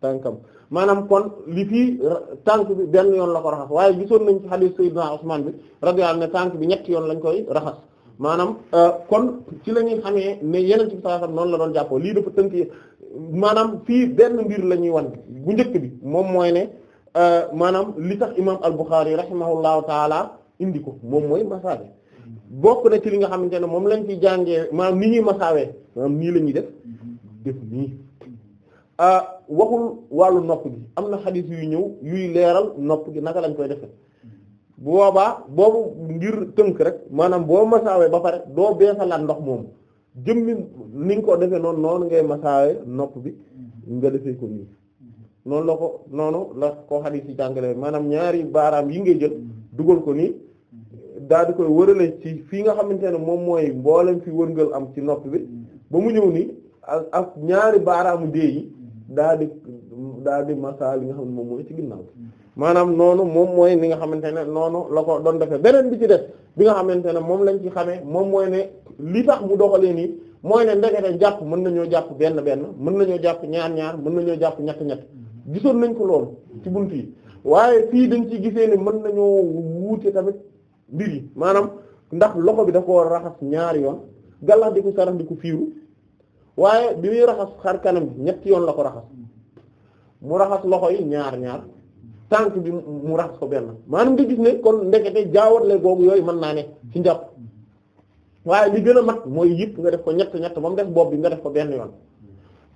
tànkam maanaam kon li fii tànk bi benn yoon la ko waaye gisoon nañ ci hadith sayyidina Usman bi radiyallahu anhu bi ñetti yoon lañ koy raxas maanaam euh, kon ci la ñuy xamee ne yeneen ci bi sallallahu alayhi noonu la doon jàppoo lii dafa tënk maanaam fii benn mbir la ñuy wan bu njëkk bi moom mooy ne euh, maanaam li tax imaam al-Bukhari rahimahullahu taala indi ko moom mooy masaawe bokk na ci li nga xamante ne moom lañ ci jàngee maanaam ni ñuy masaawee maanaam nii la ñuy def def nii euh, waxul wàllu nopp gi am na xadiis yu ñëw yuy leeral nopp gi naka lañ koy defe bu boobaa boobu ngir tënk rek maanaam boo masaawee ba pare doo beesalaat ndox moomu jëmmi ni ko defee noonu noonu ngay masaawe nopp bi nga defee ko nii noonu la ko noonu la ko xadiis yi jàngale maanaam ñaari baaraam yi ngay jël dugal ko nii daal di koy wërale ci fii nga xamante ne moom mooy mboolem fi wërngal am ci nopp bi ba mu ñëw nii ak ñaari baaraamu di daal di masaa li nga xam ne moom mooy ci ginnaaw maanaam noonu moom mooy ni nga xamante ne noonu la ko doon defee beneen bi ci def bi nga xamante ne moom lañ ci xamee moom mooy ne li tax mu doxalee nii mooy ne ndekete jàpp mën nañoo jàpp benn benn mën nañoo jàpp ñaar ñaar mën nañoo jàpp ñett ñett gisoon nañ ko loolu ci bunt yi waaye fii dañ ci gisee ne mën nañoo wuute tamit mbir yi maanaam ndax loxo bi da ko raxas ñaari yoon gàllax di ko sarax di ko fiiru waaye bi muy raxas xar kanam bi ñetti yoon la ko raxas mu raxas loxo yi ñaar ñaar tànk bi mu raxas ko benn maanaam nga gis ne kon ndekete jaawat le googu yooyu mën naa ne ci njàpp waaye li gën a mat mooy yëpp nga def ko ñett ñett ba mu def bopp bi nga def ko benn yoon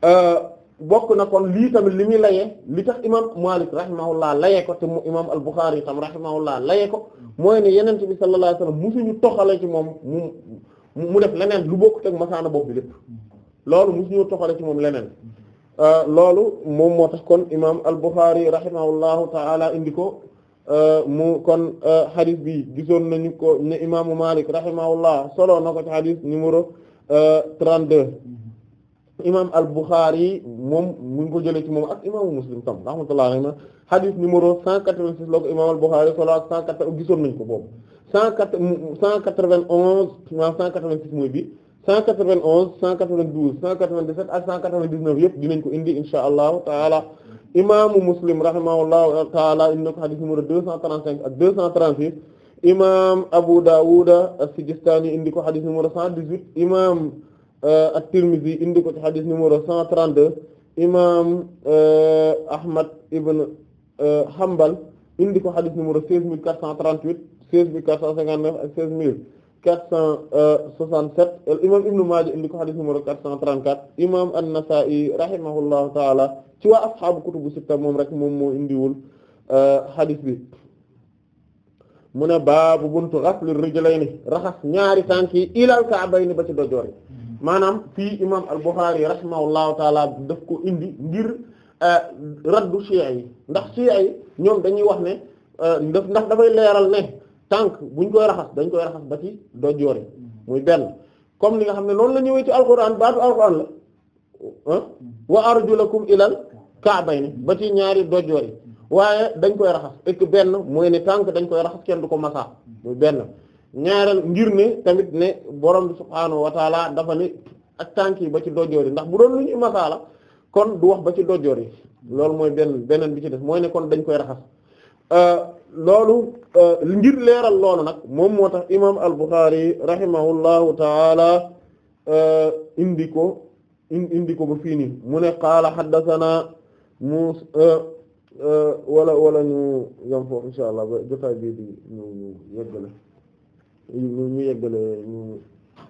euh, bokk na kon lii tamit li muy layee li tax imam Malik rahimahullah layee ko te mu imam al-Bukhari tam rahimahullah layee ko mooy ne yenente bi sallallahu alayhi wasallam musuñu toxale ci moom mu mu def leneen lu bokk teg masaana bopp bi lépp loolu musuñu toxale ci moom leneen euh, loolu moom moo tax kon imam al-Bukhari rahimahullahu ta'ala indi ko Euh, mu kon xadis euh, bi gisoon nañu ko ne imaamu Malik rahimahullah solo na ko ci xadis numéro 32 euh, imaam al Bukhari moom mu ngi ko jëlee ci moom ak imaamu Muslim tam rahmatullahi alayhi xadis numéro 186 la imaam al Bukhari solo ak 180 gisoon nañu ko boobu 191 186 mooy bi. 191 192 197 ak 199 yëpp dinañ ko indi insha allahu taala imaamu muslim rahimahullahu taala indi na ko xadis numéro imaam Abu Dawuda as-Sijistani indi ko xadis numéro 118 imaam euh, at-Tirmidhi indi ko ci xadis numéro 132 imaam euh, Ahmad ibn euh, Hanbal indi ko xadis numéro 16438 16459 ak 16000. 467 euh, al euh, imam ibnu Maaja indi ko xadis numéro 434 imam an-Nasaa'i rahimahullahu taala ci waa asxaabu kutubu sitta moom rek moom moo indiwul euh, xadis bi mu ne baabu buntu ghasli rijlayni raxas ñaari tànk yi ilal ka'bayni ba ci dojoor yi maanaam fii imam al-Bukhari rahimahullahu taala daf ko indi ngir raddu Shi'a yi ndax Shi'a yi ñoom dañuy wax ne ndax dafay leeral ne tànk bu buñ koy raxas dañ koy raxas ba ci doj yoore muy benn comme li nga xam ne noonu la ñëwee ci alquran baatu alquran la ah. wa arjulakum ilal ba ci ñaari doj waaye dañ koy raxas ek benn mooy ne tànk dañ koy raxas kenn du ko masa muy benn ñaareel ngir ne tamit ne borom bi subhaanahu wa taala dafa ne ak tànk yi ba ci doj yoore ndax bu doon lu ñuy masa la kon du wax ba ci doj yi loolu mooy benn beneen bi ci def mooy ne kon dañ koy raxas euh, loolu euh, ngir leeral loolu nag moom moo tax imaam al-Bukhari rahimahullahu taala euh, indi ko indi ko ba fii nii mu ne qaala haddathana mu euh, wala wala ñu foofu insha ba jotaay bii di ñu ñu yeggale ñu ñu yeggale ñu